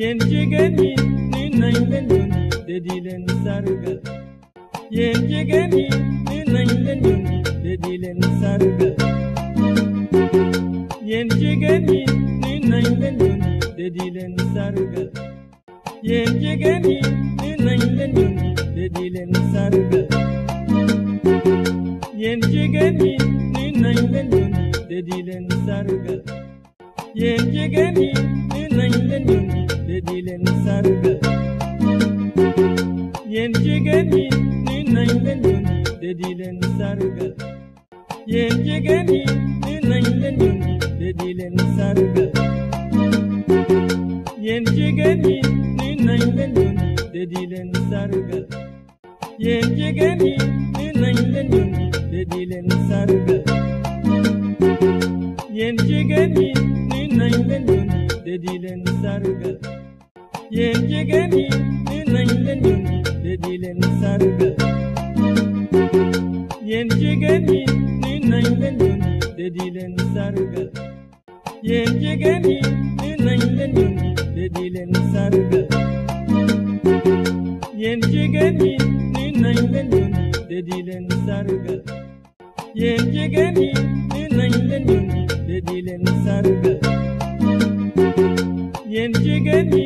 yéen jigéen ñi ni nañ leen yónni te di leen sargal yéen ni nañ leen yónni te di leen sargal yéen jigéen ñi ni di leen sargal yéen jigéen ñi ni nañ leen di leen sargal yéen jigéen ñi ni nañ leen yónni te di leen di leen sargal ni nañ leen yónni te di leen yéen jigéen ñi dinañ leen yónni te di leen sargal yéen jigéen ñi dinañ leen yónni te di leen sargal yéen jigéen ñi dinañ leen yónni te di leen sargal yéen jigéen ñi dinañ leen yónni te di leen sargal yéen jigéen ñi dinañ leen yónni te di leen sargal yéen jigéen ñi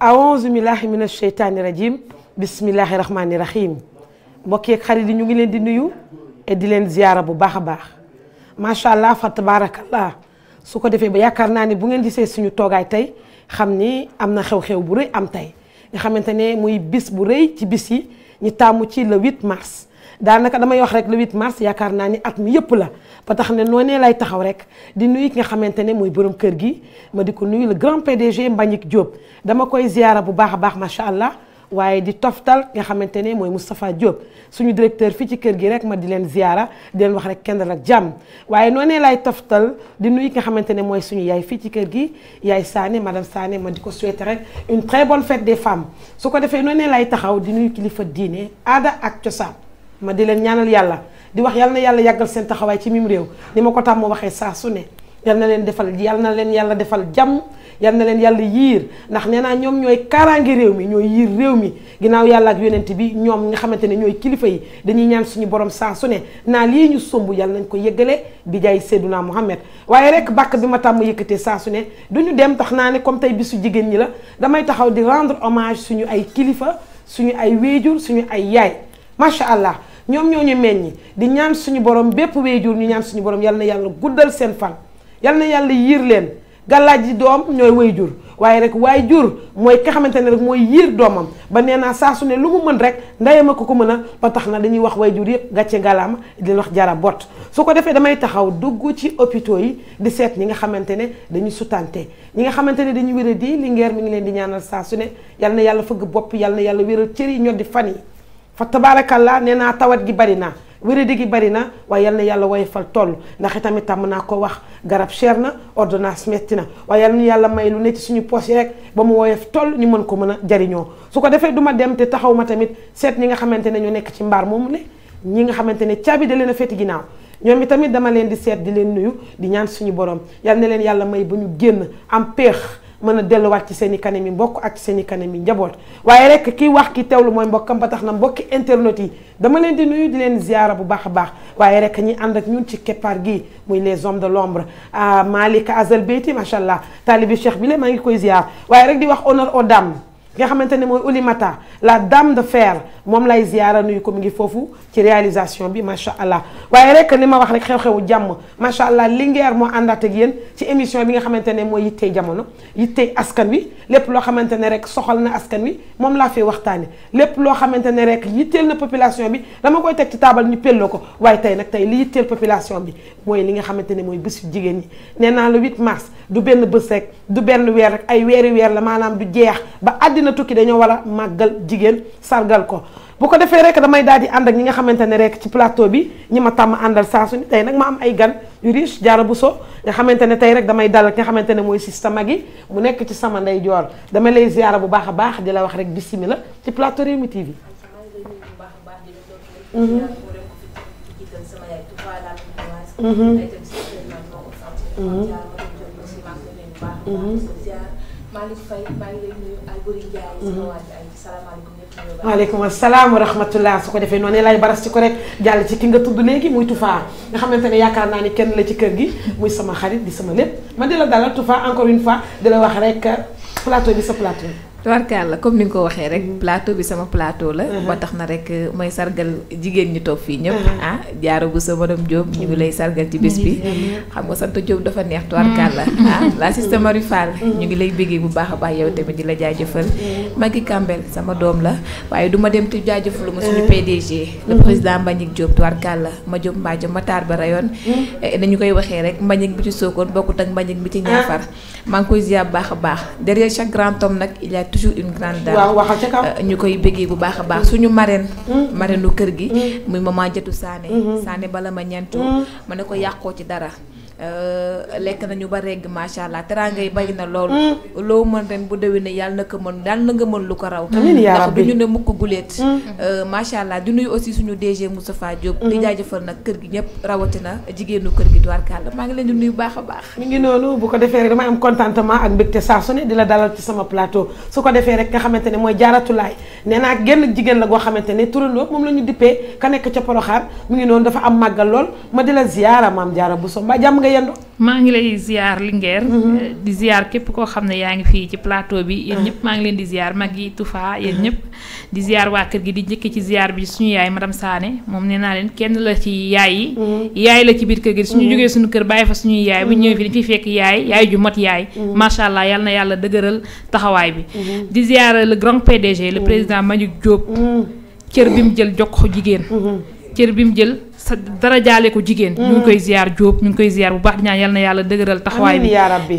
aouzu billahi mina sheytaani rajim bismillahi rahmaani rahim mbokk yeeg xarit yi ñu ngi leen di nuyu di leen ziyaara bu baax a baax macha allah fa tabarakallah su ko defee ba yaakaar naa ne bu ngeen di see suñu toogaay tey xam ni am na xew-xew bu rëy am tey nga xamante ne muy bis bu rëy ci bis yi ñu tàmmu ci le huit mars daanaka damay wax rek le 8 mars yaakaar naa ni at mi yëpp la ba tax ne noonee lay taxaw rek di nuyu ki nga xamante ne mooy borom kër gi ma di ko nuyu le grand PDG Mbagnick Diop dama koy ziyaara bu baax a baax macha allah. waaye di toftal nga xamante ne mooy Moustapha Diop suñu directeur fii ci kër gi rek ma di leen ziara di leen rek kenn ak jàmm waaye noonee lay toftal di nuyu nga xamante ne mooy suñu yaay fii ci kër gi yaay Sané madame Sané ma di ko souhaiter rek une très bonne fête des femmes su ko defee noonee lay taxaw di nuy kilifa diine aada ak cosaan. ma di leen ñaanal yàlla di wax yàlla na yàlla yàggal seen taxawaay ci mim réew ni ma ko tàmm waxee saa su ne yàlla na leen defal yàlla na leen yàlla defal jàmm yàlla na leen yàlla yiir ndax nee naa ñoom ñooy kaaraange réew mi ñooy yiir réew mi ginnaaw yàlla ak yonent bi ñoom nga xamante ne ñooy kilifa yi dañuy ñaan suñu borom saa su ne naa lii ñu somb yàlla nañ ko yëggale bi jaay Seyduna Muhammad waaye rek bàkk bi ma tàmm yëkkatee saa su ne du ñu dem tax naa ne comme tey bisu jigéen ñi la damay taxaw di rendre hommage suñu ay kilifa suñu ay wéejur suñu ay yaay macha allah ñoom ñoo ñu meññ di ñaan suñu borom bépp wéyjur ñu ñaan suñu borom yal na yàlla guddal seen fan yal na yàlla yiir leen gàllaaj ji doom ñooy wéyjur waaye rek waay jur mooy ki xamante ne rek mooy yiir doomam ba nee naa saa su lu mu mën rek ndeyam ko ko mën a ba tax na dañuy wax way jur yëpp gàcce ngalaama di jara bot su ko defee damay taxaw dugg ci hôpitaux yi di seet ñi nga xamante ne dañuy sutante ñi nga xamante ne dañuy wéra di li ngeer mi ngi leen di ñaanal saa su ne yal na yàlla fëgg bopp yal na yàlla wéral cër yi ñoddi fan yi fa tabaarakallaa nee naa tawat gi bari na wéradi gi bari na waaye yal na yàlla woyofal toll ndax itamit tàmm naa ko wax garab cher na ordonnance metti na waaye yàlla may lu ne ci suñu poche rek ba mu woyof toll ñu mën ko mën a jariñoo su ko defee duma dem te taxaw ma tamit seet ñi nga xamante ne ñu nekk ci mbaar moomu ne ñi nga xamante ne caabi da leen a féeti ginnaaw ñoom itamit dama leen di seet di leen nuyu di ñaan suñu borom yal na leen yàlla may ba ñu génn am mën a delluwaat ci seeni kanam yi mbokk ak seen i kanam yi njaboot waaye rek kii wax ki teewlu mooy mbokkam ba tax na mbokki internet yi dama leen di nuyu di leen ziara bu baax a baax waaye rek ñi ànd ak ñun ci keppaar gi muy les hommes de l'ombre Malika Azal Beyti macha allah taalibi cheikh bi la maa ngi koy ziar waaye rek di wax honneur aux dames nga xamante ne mooy Oulimata la dame de fer moom lay ziara nuyu ko mu ngi foofu ci réalisation bi macha allah waaye rek li ma wax rek xew-xewu jàmm macha allah Linguère moo àndaat ak yéen ci émission bi nga xamante ne mooy yittee jamono yittey askan wi lépp loo xamante ne rek soxal na askan wi moom laa fi waxtaane lépp loo xamante ne rek yitteel na population bi dama koy teg ci taabal ñu pelloo ko waaye tey nag tey li yitteel population bi mooy li nga xamante ne mooy bésu jigéen ñi nee naa le 8 mars du benn bés rek du benn weer rek ay weeri weer la maanaam du jeex na tukki dañoo war a màggal jigéen sargal ko bu ko defee rekk damay daal di ànd ak ñi nga xamante ne rek ci plateau bi ñi ma tàmm àndal saa su tey nag ma am ay gan yu riche jaara buso nga xamante ne tey rek damay dalal ki nga xamante ne mooy Sista yi mu nekk ci sama ndey joor dama lay ziara bu baax a baax di la wax rek bismillah ci plateau Rewmi TV. Mm-hmm. Mm-hmm. Mm-hmm. Malick Faye maa ngi lay nuyu Alboury Ndiaye. Mhm. waaleykum salaam wa su ko defee noonu lay baras ci ko rek jàll ci ki nga tudd léegi muy Toufa nga xamante ne yaakaar naa ni kenn la ci kër gi muy sama xarit di sama lépp man di la dalal Toufa encore une fois di la wax rek plateau bi sa plateau. tubarkaal la comme ni nga ko waxee rek mm-hmm. plateau bi sama plateau la. Mm-hmm. ba tax na rek euh, may sargal jigéen ñi toog fii ñëpp. Mm-hmm. ah jaaro bu sa madame Diop ñu ngi lay sargal ci bés xam nga sant Diop dafa neex tubarkaal la. ah la sister Marie Fall ñu ngi lay béggee bu baax a baax yow tamit di la jaajëfal. Magui Kambel sama doom la waaye du ma dem te jaajëfalu ma suñu PDG. le président Mbagnick Diop tubarkaal la ma Diop Mbadja Matar ba rayoon. Eh, nañu koy waxee rek Mbagnick bi ci Sokone bokkut ak Mbagnick bi ci Niafar. Ah. maa koy ziar baax baax derrière chaque grand homme nag a toujours une grande dame. waaw waxal euh, ñu koy bëggee bu baax a baax mm. suñu marraine. Mm. marraine lu kër gi. Mm. muy ma maman Jatu Sané. Mm-hmm. Sané bala ma ñeentu. ma ne ko yàqoo ci dara. Euh, lekk nañu ba regg macha allah teraanga yi bay na mm. lool. Mm. loo mën ren bu déwénee yàlla na ko mën daal na nga mën lu ko raw. ndax du ñu ne mukk guleet. Mm. Euh, macha allah di nuyu aussi suñu DG Moustapha Diop. di jaajëfal nag kër gi ñëpp rawatina jigéenu kër gi tubaarkàlla maa ngi leen di nuyu baax a baax. mi ngi noonu bu ko defee rek damay am contentement ak mbégte saa su ne di dalal sama plateau su ko defee rek nga xamante ne mooy jaaratulaay nee naa genn jigéen la goo xamante ne turandoo moom la ñu dippee ka nekk ca Poroxaan mi ngi noonu dafa am màggal lool ma di la ziyaara maam jaara bu so mbaa jàmm nga maa ngi lay ziar Linguère mm-hmm. eh, di ziar képp koo xam ne yaa ngi fii ci plateau bi yéen mm-hmm. ñëpp maa ngi leen di ziar mag yi Toufa yéen ñëpp mm-hmm. di ziar waa kër gi di njëkk ci ziar bi suñu yaay madame Sané moom nee naa leen kenn la ci yaay yi yaay la ci biir kër gi suñu jógee suñu kër baay fa suñuy yaay bu ñëwee fii di fiy fekk yaay yaay ju mot yaay macha allah yal na yàlla dëgëral taxawaay bi di ziar le grand PDG le président Manick Diop cër bi jël jox jigéen cër bi mu jël sa dara jaale ko jigéen. Mm. ñu ngi koy ziar Diop ñu ngi koy ziar bu baax di ñaan yal na yàlla dëgëral taxawaay bi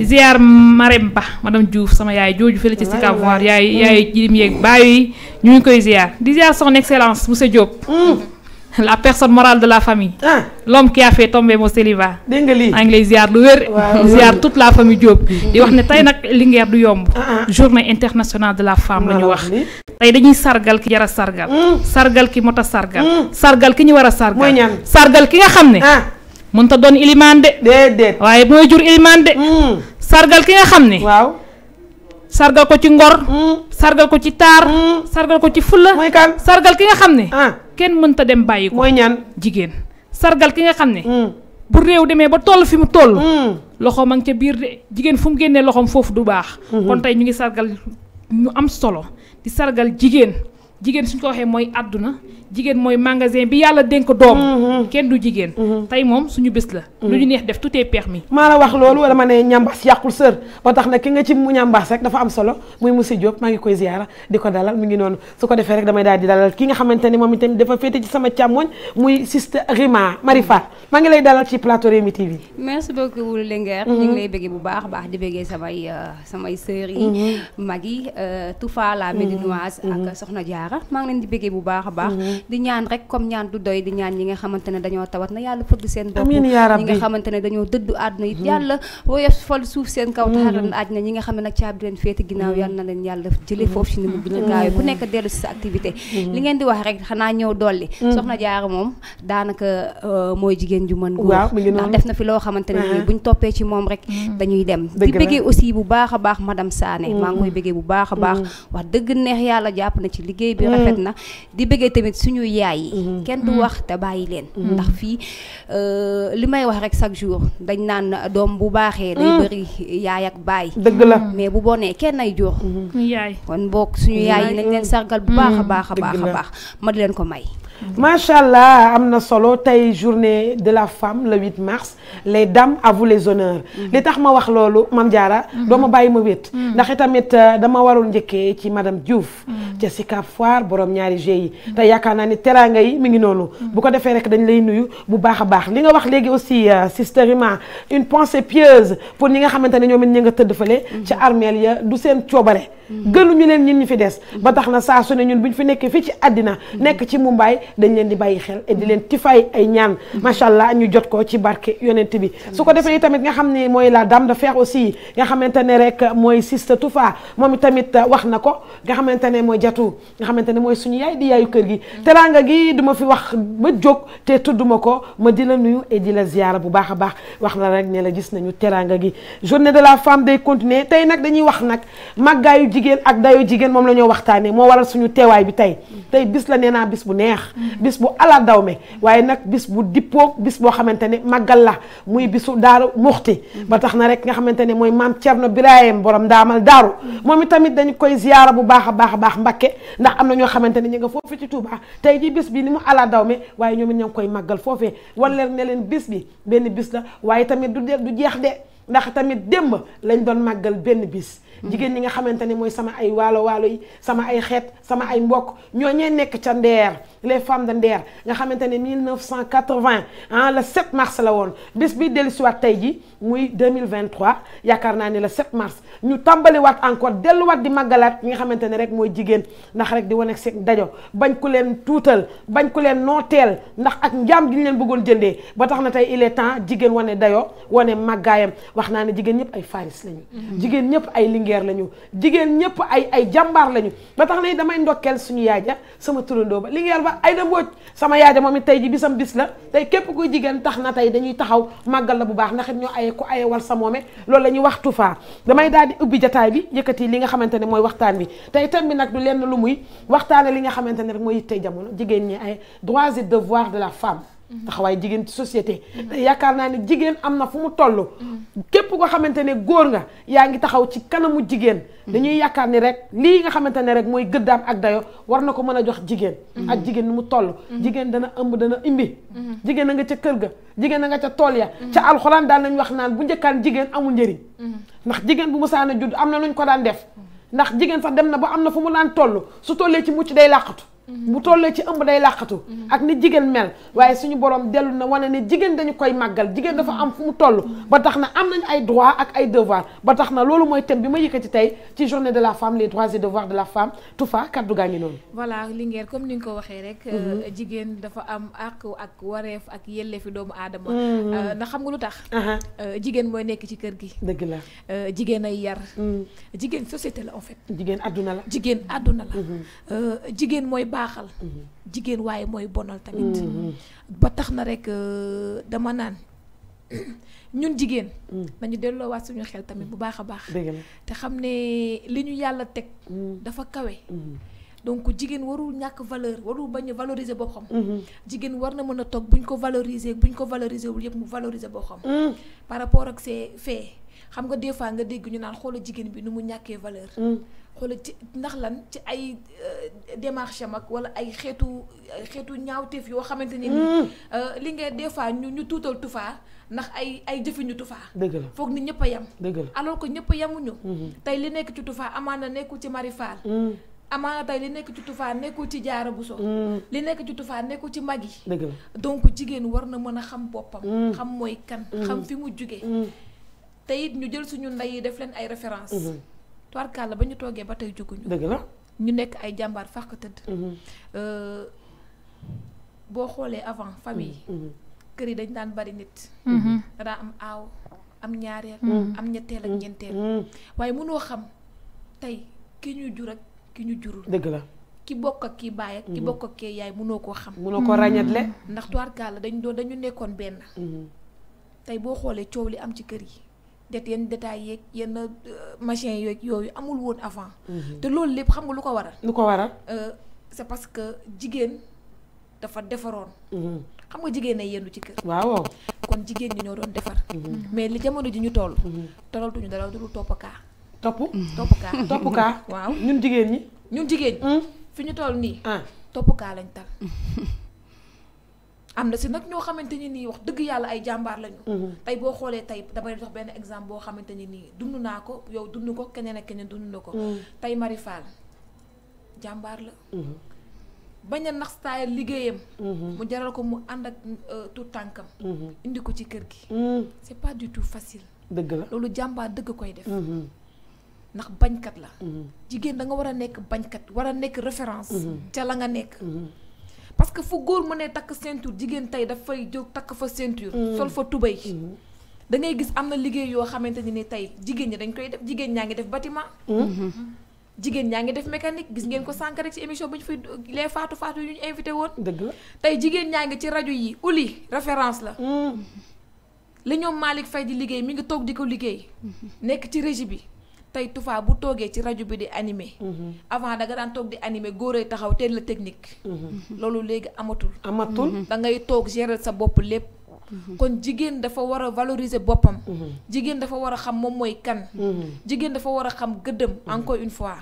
ziar Marème Ba madame Diouf sama yaay jooju fële ci Sika Voir yaay mm. yaay jirim yeeg bàyyi ñu ngi koy ziar di ziar son excellence monsieur Diop. Mm. la personne morale de la famille. ah l'homme qui a fait tomber mon célibat. dégg ziar lu wér. ziar toute la famille Diop. Mm-hmm. di wax ne tey nag Linguère du yomb. Ah, ah. journée internationale de la femme la ñu wax. tey dañuy sargal ki jara sargal. Mm. sargal ki moto sargal. Mm. sargal ki ñu war a sargal. sargal ki nga xam ne. Ah. mënut a doon ilimaan de. waaye mooy jur ilimaan de. Mm. sargal ki nga xam ne. waaw. sargal ko ci ngor. Hmm. sargal ko ci taar. Hmm. sargal ko ci fulla. mooy kan sargal ki nga xam ne. Ah. kenn mënta dem bàyyi ko. mooy ñaan jigéen. sargal ki nga xam ne. Hmm. bu réew demee ba toll fi mu toll. loxo ma ngi ca biir de jigéen fu mu génnee loxoom foofu du baax. kon tey ñu ngi sargal ñu am solo di sargal jigéen jigéen suñ ko waxee mooy àdduna jigéen mooy magasin bi yàlla dénk doom. Mm-hmm. kenn du jigéen. Mm-hmm. tey moom suñu bés la. lu mm-hmm. ñu neex def tout est permis. maa la wax loolu wala ma ne ñambaas yàqul sër ba tax na ki nga ci mu ñambaas rek dafa am solo muy monsieur Diop maa ngi koy ziyaara di ko dalal mi ngi noonu su ko defee damay daal di dalal ki nga xamante ni moom itam dafa féete ci sama càmmoñ muy siste Rima Marifa maa ngi lay dalal ci plateau Rewmi TV. merci beaucoup Wulu Linguère. ñu ngi lay bëggee bu baax baax di bëggee samay euh, samay sœurs yi. mag yi euh, Toufa la Médinoise ak Soxna Diarra maa ngi leen di bëggee bu baax a baax di ñaan rek comme ñaan du doy di ñaan ñi nga xamante dañoo tawat na yàlla fëgg seen bopp ñi nga xamante dañoo dëddu àdduna it mhm. yàlla woyof fol suuf seen kaw taxaral mhm. aj na ñi nga xam ne nag caabi leen mhm. foofu si ni mu gën a gaawee ku nekk di wax rek xanaa ñëw dolli soxna Diarra moom daanaka euh, mooy jigéen ju mën góor ndax def na fi loo xamante ne nii buñ toppee ci moom rek dañuy dem di bëggee aussi bu baax a baax madame Sané maa ngi koy bëggee bu baax a baax wax dëgg neex yàlla jàpp na ci liggéey bi rafet na di bëggee tamit suñu yaay yi mhm. kenn du mhm. wax te bàyyi leen mhm. ndax fii euh, li may wax rek chaque jour dañ naan doom bu baaxee day bëri yaay ak baay dëgg la mais bu bonee kenn ay jox yaay kon boog suñu yaay yi nañ leen sargal bu baax a baax a baax a baax ma di leen ko may macha allah am na solo tey journée de la femme la 8 mars les dames à vous li tax ma wax loolu Mame jaara doo ma bàyyi ma wét ndax itamit euh, dama waroon njëkkee ci madame Diouf ca Sicap Foire borom ñaari G yi te yaakaar naa ni teraanga yi mi ngi noonu bu ko defee rek dañ lay nuyu bu baax a baax li nga wax léegi aussi euh, Sister Rima une pensée pieuse pour ñi nga xamante ne ñoom it ñi nga tëdd armeel ya du seen coobare gënuñu leen ñin ñu fi des ba tax na saa su ne ñun buñ fi nekk fii ci àddina nekk ci Mumbai dañ leen di bàyyi xel et di leen tifaay ay ñaan macha allah ñu jot ko ci barke yonent bi su ko defee de fer aussi nga xamante ne rek mooy Sister Toufa moom jatu nga xamante ne mooy suñu yaay di yaayu kër gi teraanga gi duma fi wax ma jóg te tudduma ko ma di la nuyu et di la ziyaara bu baax a baax wax na rek ne la gis nañu teraanga gi journée de la femme day continuer tey nag dañuy wax nag màggaayu jigéen ak dayu jigéen moom la ñoo waxtaanee moo waral suñu teewaay bi tey tey bis la nee naa bis bu neex bis bu ala dawme waaye nag bis bu dippoog bis boo xamante ne màggal la muy bisu daaru muxti ba tax na rek nga xamante ne mooy maam Cerno Birahim borom daamal daaru moom itamit dañu koy ziyaara bu baax a baax a baax Mbàkke ndax am na ñoo xamante ne ñu nga foofu ci Touba tey ji bis bi ni mu ala daw me waaye ñoo it ña koy màggal foofee wan leen ne leen bis bi benn bis la waaye tamit du de du jeex de ndax tamit démb lañ doon màggal benn bis Mm-hmm. jigéen ñi nga xamante ne mooy sama ay waalo waalo yi sama ay xeet sama ay mbokk ñoo ñee nekk ca Ndeer les fem de Ndeer nga xamante ne 1980 ah le 7 mars la woon bis bi dellusiwaat tey ji muy 2023 yaakaar naa ne la 7 mars ñu tàmbaliwaat encore delluwaat di màggalaat yi nga xamante ne rek mooy jigéen ndax rek di wanek seen dajo bañ ku leen tuutal bañ ku leen nooteel ndax ak njaam gi ñu leen bëggoon jëndee ba tax na tey il est temps jigéen wane dayo wane màggaayam wax naa ne jigéen ñëpp ay faris lañu mm-hmm. jigéen guerre la ñu jigéen ñëpp ay ay jàmbaar la ñu ba tax na damay ndokkeel suñu ja sama turandoo ba Linguère ba ay da Mbodj sama yaaja moom it tey ji bisam bis la tey képp kuy jigéen tax na tey dañuy taxaw màggal la bu baax ndax it ñoo aye ku aye wal sa moome loolu la ñuy wax Toufa damay daal di ubbi jataay bi yëkkati li nga xamante ne mooy waxtaan bi tey thème bi nag du lenn lu muy waxtaane li nga xamante ne rek mooy yitte jamono jigéen ñi ay droits et devoirs de la femme taxawaay jigéen ci société. yaakaar naa ne jigéen am na fu mu toll. képp koo xamante ne góor nga yaa ngi taxaw ci kanamu jigéen. dañuy yaakaar ni rek lii nga xamante ne rek mooy gëddaam ak dayo war na ko mën a jox jigéen. ak jigéen nu mu toll. jigéen dana ëmb dana imbi. jigéen a nga ca kër ga jigéen a nga ca tool ya. ca alxuraan daal nañ wax naan bu njëkkaan jigéen amul njëriñ. ndax jigéen bu musaana judd am na ñu ko daan def. ndax jigéen sax dem na ba am na fu mu daan tollu su tollee ci mucc day làqatu. bu tollee ci ëmb day làqatu ak ni jigéen mel waaye suñu borom dellu na wane ne jigéen dañu koy màggal jigéen dafa am fu mu toll ba tax na am nañ ay droit ak ay devoir ba tax na loolu mooy thème bi ma yëkkati tey ci journée de la femme les droits et devoirs de la femme Toufa kaddu gaa ngi noonu voilà Linguère ko waxee rek euh, mhm. jigéen dafa am ak ak wareef ak yelleefi doomu aadama mhm. euh, na xam nga lu tax euh, jigéen mooy nekk ci kër gi dëgg la jigéen ay yar mhm. jigéen société la en jigéen àdduna la jigéen àdduna la jigéen mooy baaxal mhm. jigéen waaye mooy bonal tamit mhm. ba tax na rek euh, dama naan ñun jigéen mm. nañu waat suñu xel tamit bu baax a baax te xam ne li ñu yàlla teg mm. dafa kawe mm. donc jigéen warul ñàkk valeur warul bañ a valoriser mm-hmm. jigéen war na mën a toog buñ ko valoriser buñ ko valoriser wul yëpp mu valoriser boppam par rapport ak ses faits xam nga des fois nga dégg ñu naan xoola jigéen bi nu mu ñàkkee valeur xoolal ci ndax lan ci ay euh, démarche am ak wala ay xeetu xeetu ñaawteef yoo xamante ni mm. euh, li nga des fois ñu ñu tuutal tufaa ndax ay ay jëfiñu tufaa dëgg foog ni ñëpp a yem dëgg la alors que ñëpp a mm-hmm. tey li nekk ci tufaa amaana nekku ci marifaal mm. amaana tey li nekk ci tufaa nekkul ci jaara bu so mm. li nekk ci tufaa nekku ci mag yi dëgg donc jigéen war na mën a xam boppam xam mooy kan xam fi mu jugee te it ñu jël suñu ndey yi def leen ay référence mm-hmm. tubarkàlla ba ñu toogee ba tey juguñu. dëgg la ñu nekk ay jàmbaar fàq tëdd. Mhm. Euh, boo xoolee avant famille. Mhm. kër yi dañ daan bari nit. Mhm. da daa am aaw am ñaareel. am ñetteel ak ñeenteel. waaye mënoo xam tey ki ñu jur ak ki ñu jurul. dëgg la ki bokk ak kii baay ak ki bokk ak kii yaay mënoo koo xam. mënoo ko ràññatle. ndax tubarkàlla dañ doon dañu nekkoon benn. tey boo xoolee coow li am ci kër yi. det yenn détails yeeg yenn euh, machins yeeg yooyu amul woon avant. Mhm. te loolu lépp xam nga lu ko waral. lu ko waral. Euh, c'est parce que jigéen dafa defaroon. Mhm. xam nga jigéen ay yendu ci kër. waaw kon jigéen ñi ñoo doon defar. Mhm. mais li jamono ji ñu toll. tollutuñu dara du topp kaa. topp topp kaa topp kaa. waaw ñun jigéen ñi. ñun jigéen ñi. Hmm? fi ñu toll nii. Ah. topp kaa lañ tal. am na si nag ñoo xamante ni nii wax dëgg yàlla ay jàmbaar lañu. Mhm. tey boo xoolee tey damay jox benn exemple boo xamante ni nii dundu naa ko yow dund ko keneen ak keneen na ko. Mhm. tey Marie Fall jàmbaar la. Mhm. bañ nax taayal liggéeyam. jaral ko mu ànd ak euh, tout tànkam. indi ko ci kër gi. c'est pas du dëgg la loolu jàmbaar dëgg koy def. ndax bañkat la. jigéen da nga war a nekk bañkat war a nekk référence. ca la nga nekk. parce que fu góor mënee takk ceinture jigéen tey dafay jóg takk fa ceinture. Mm. sol fa tubay. Mm. da ngay gis am na liggéey yoo xamante ne ni tey jigéen ñi dañ koy def jigéen ñaa ngi def bâtiment. Mm. Mm-hmm. jigéen ñaa def mécanique gis ngeen ko sànq ci émission bu ñu fi les faatu faatu yu ñu invité woon. dëgg tey jigéen ñaa ngi ci rajo yi uli référence la. li ñoom Malick fay di liggéey mi ngi toog di ko liggéey. Mm-hmm. nekk ci régie bi. tey Toufa bu toogee ci rajo bi di animé. Mhm. avant da nga daan toog di animé góoree taxaw teel la technique. Mhm. Mhm. loolu léegi amatul. amatul da ngay toog gérer sa bopp lépp. kon jigéen dafa war a valoriser boppam. jigéen dafa war a xam moom mooy kan. jigéen dafa war a xam gëddëm encore une fois.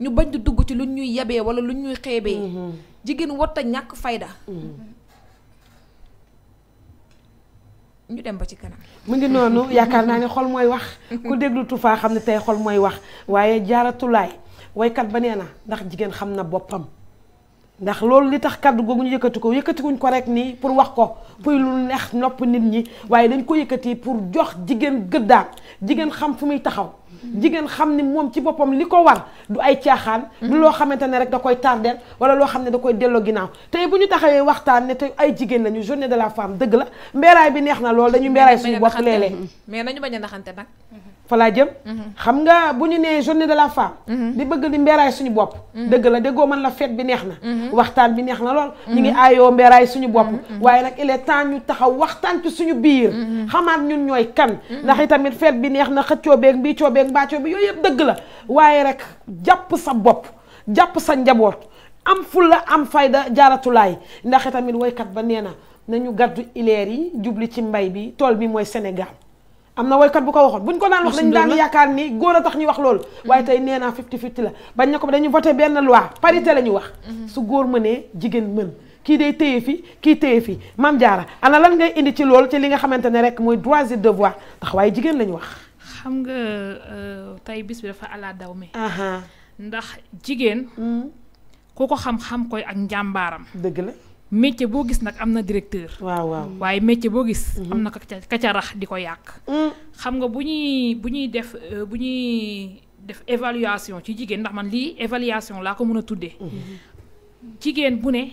ñu bañ di dugg ci lu ñuy yabee wala lu ñuy xeebee. jigéen warta ñàkk fayda. ñu dem ba ci kanam. mu ngi noonu yaakaar naa ne xol mooy wax. ku déglu Toufa xam ne tey xol mooy wax waaye jaaratulaay waykat ba nee na ndax jigéen xam na boppam. ndax loolu li tax kaddu googu ñu yëkkati ko yëkkatikuñ ko rek nii pour wax ko pour lu neex nopp nit ñi waaye dañ ko yëkkati pour jox jigéen gëddaam jigéen xam fu muy taxaw. jigéen xam ni moom ci boppam li ko war du ay caaxaan du loo xamante ne rek da koy tardeel wala loo xam ne da koy delloo ginnaaw tey bu ñu taxawee waxtaan ne te ay jigéen lañu journée de la femme dëgg la mbéeraay bi neex na lool dañuy mbéeraay suñu bopp léeg-léeg mais nañu bañ a naxante nag fa laa jëm. Mhm. xam nga bu ñu nee journée de la femme. Mhm. di bëgg di mbeeraay suñu bopp. Mhm. dëgg la dëggoo man la fête bi neex na. waxtaan bi neex na lool. ñu ngi ayoo mbeeraay suñu bopp. waaye nag il temps ñu taxaw waxtaan ci suñu biir. xamaat ñun ñooy kan. ndax itamit fête bi neex na xëccoo beeg mbiccoo beeg mbaccoo bi yooyu yëpp dëgg la waaye rek jàpp sa bopp jàpp sa njaboot am fulla am fayda jaaratulaay ndax itamit woykat ba nee na nañu gàddu ileer yi jubli ci mbay bi tool bi mooy Sénégal. am na woykat bu ko waxoon buñ ko daan wax dañ daan yaakaar ni góor a tax ñuy wax loolu waaye tey nee naa fifty fifty la bañ na ko dañu voté benn loi parité la ñu wax mhm. su góor mënee jigéen mën kii day téye fii kii téye fii Mame Diarra ana lan ngay indi ci loolu ci li nga xamante ne rek mooy droits et devoirs tax waaye jigéen la ñu wax xam nga euh, tey bis bi dafa daw mi ndax jigéen mm. ku ko xam-xam koy ak njàmbaaram dëgg la métier boo gis nag am na directeur. waaw waaw waaye métier boo gis. Mhm. am na kacarax di ko yàq. Mm. xam nga bu ñuy bu ñuy def euh, bu ñuy def évaluation ci jigéen ndax man lii évaluation laa ko mën a tuddee. Mhm. jigéen bu ne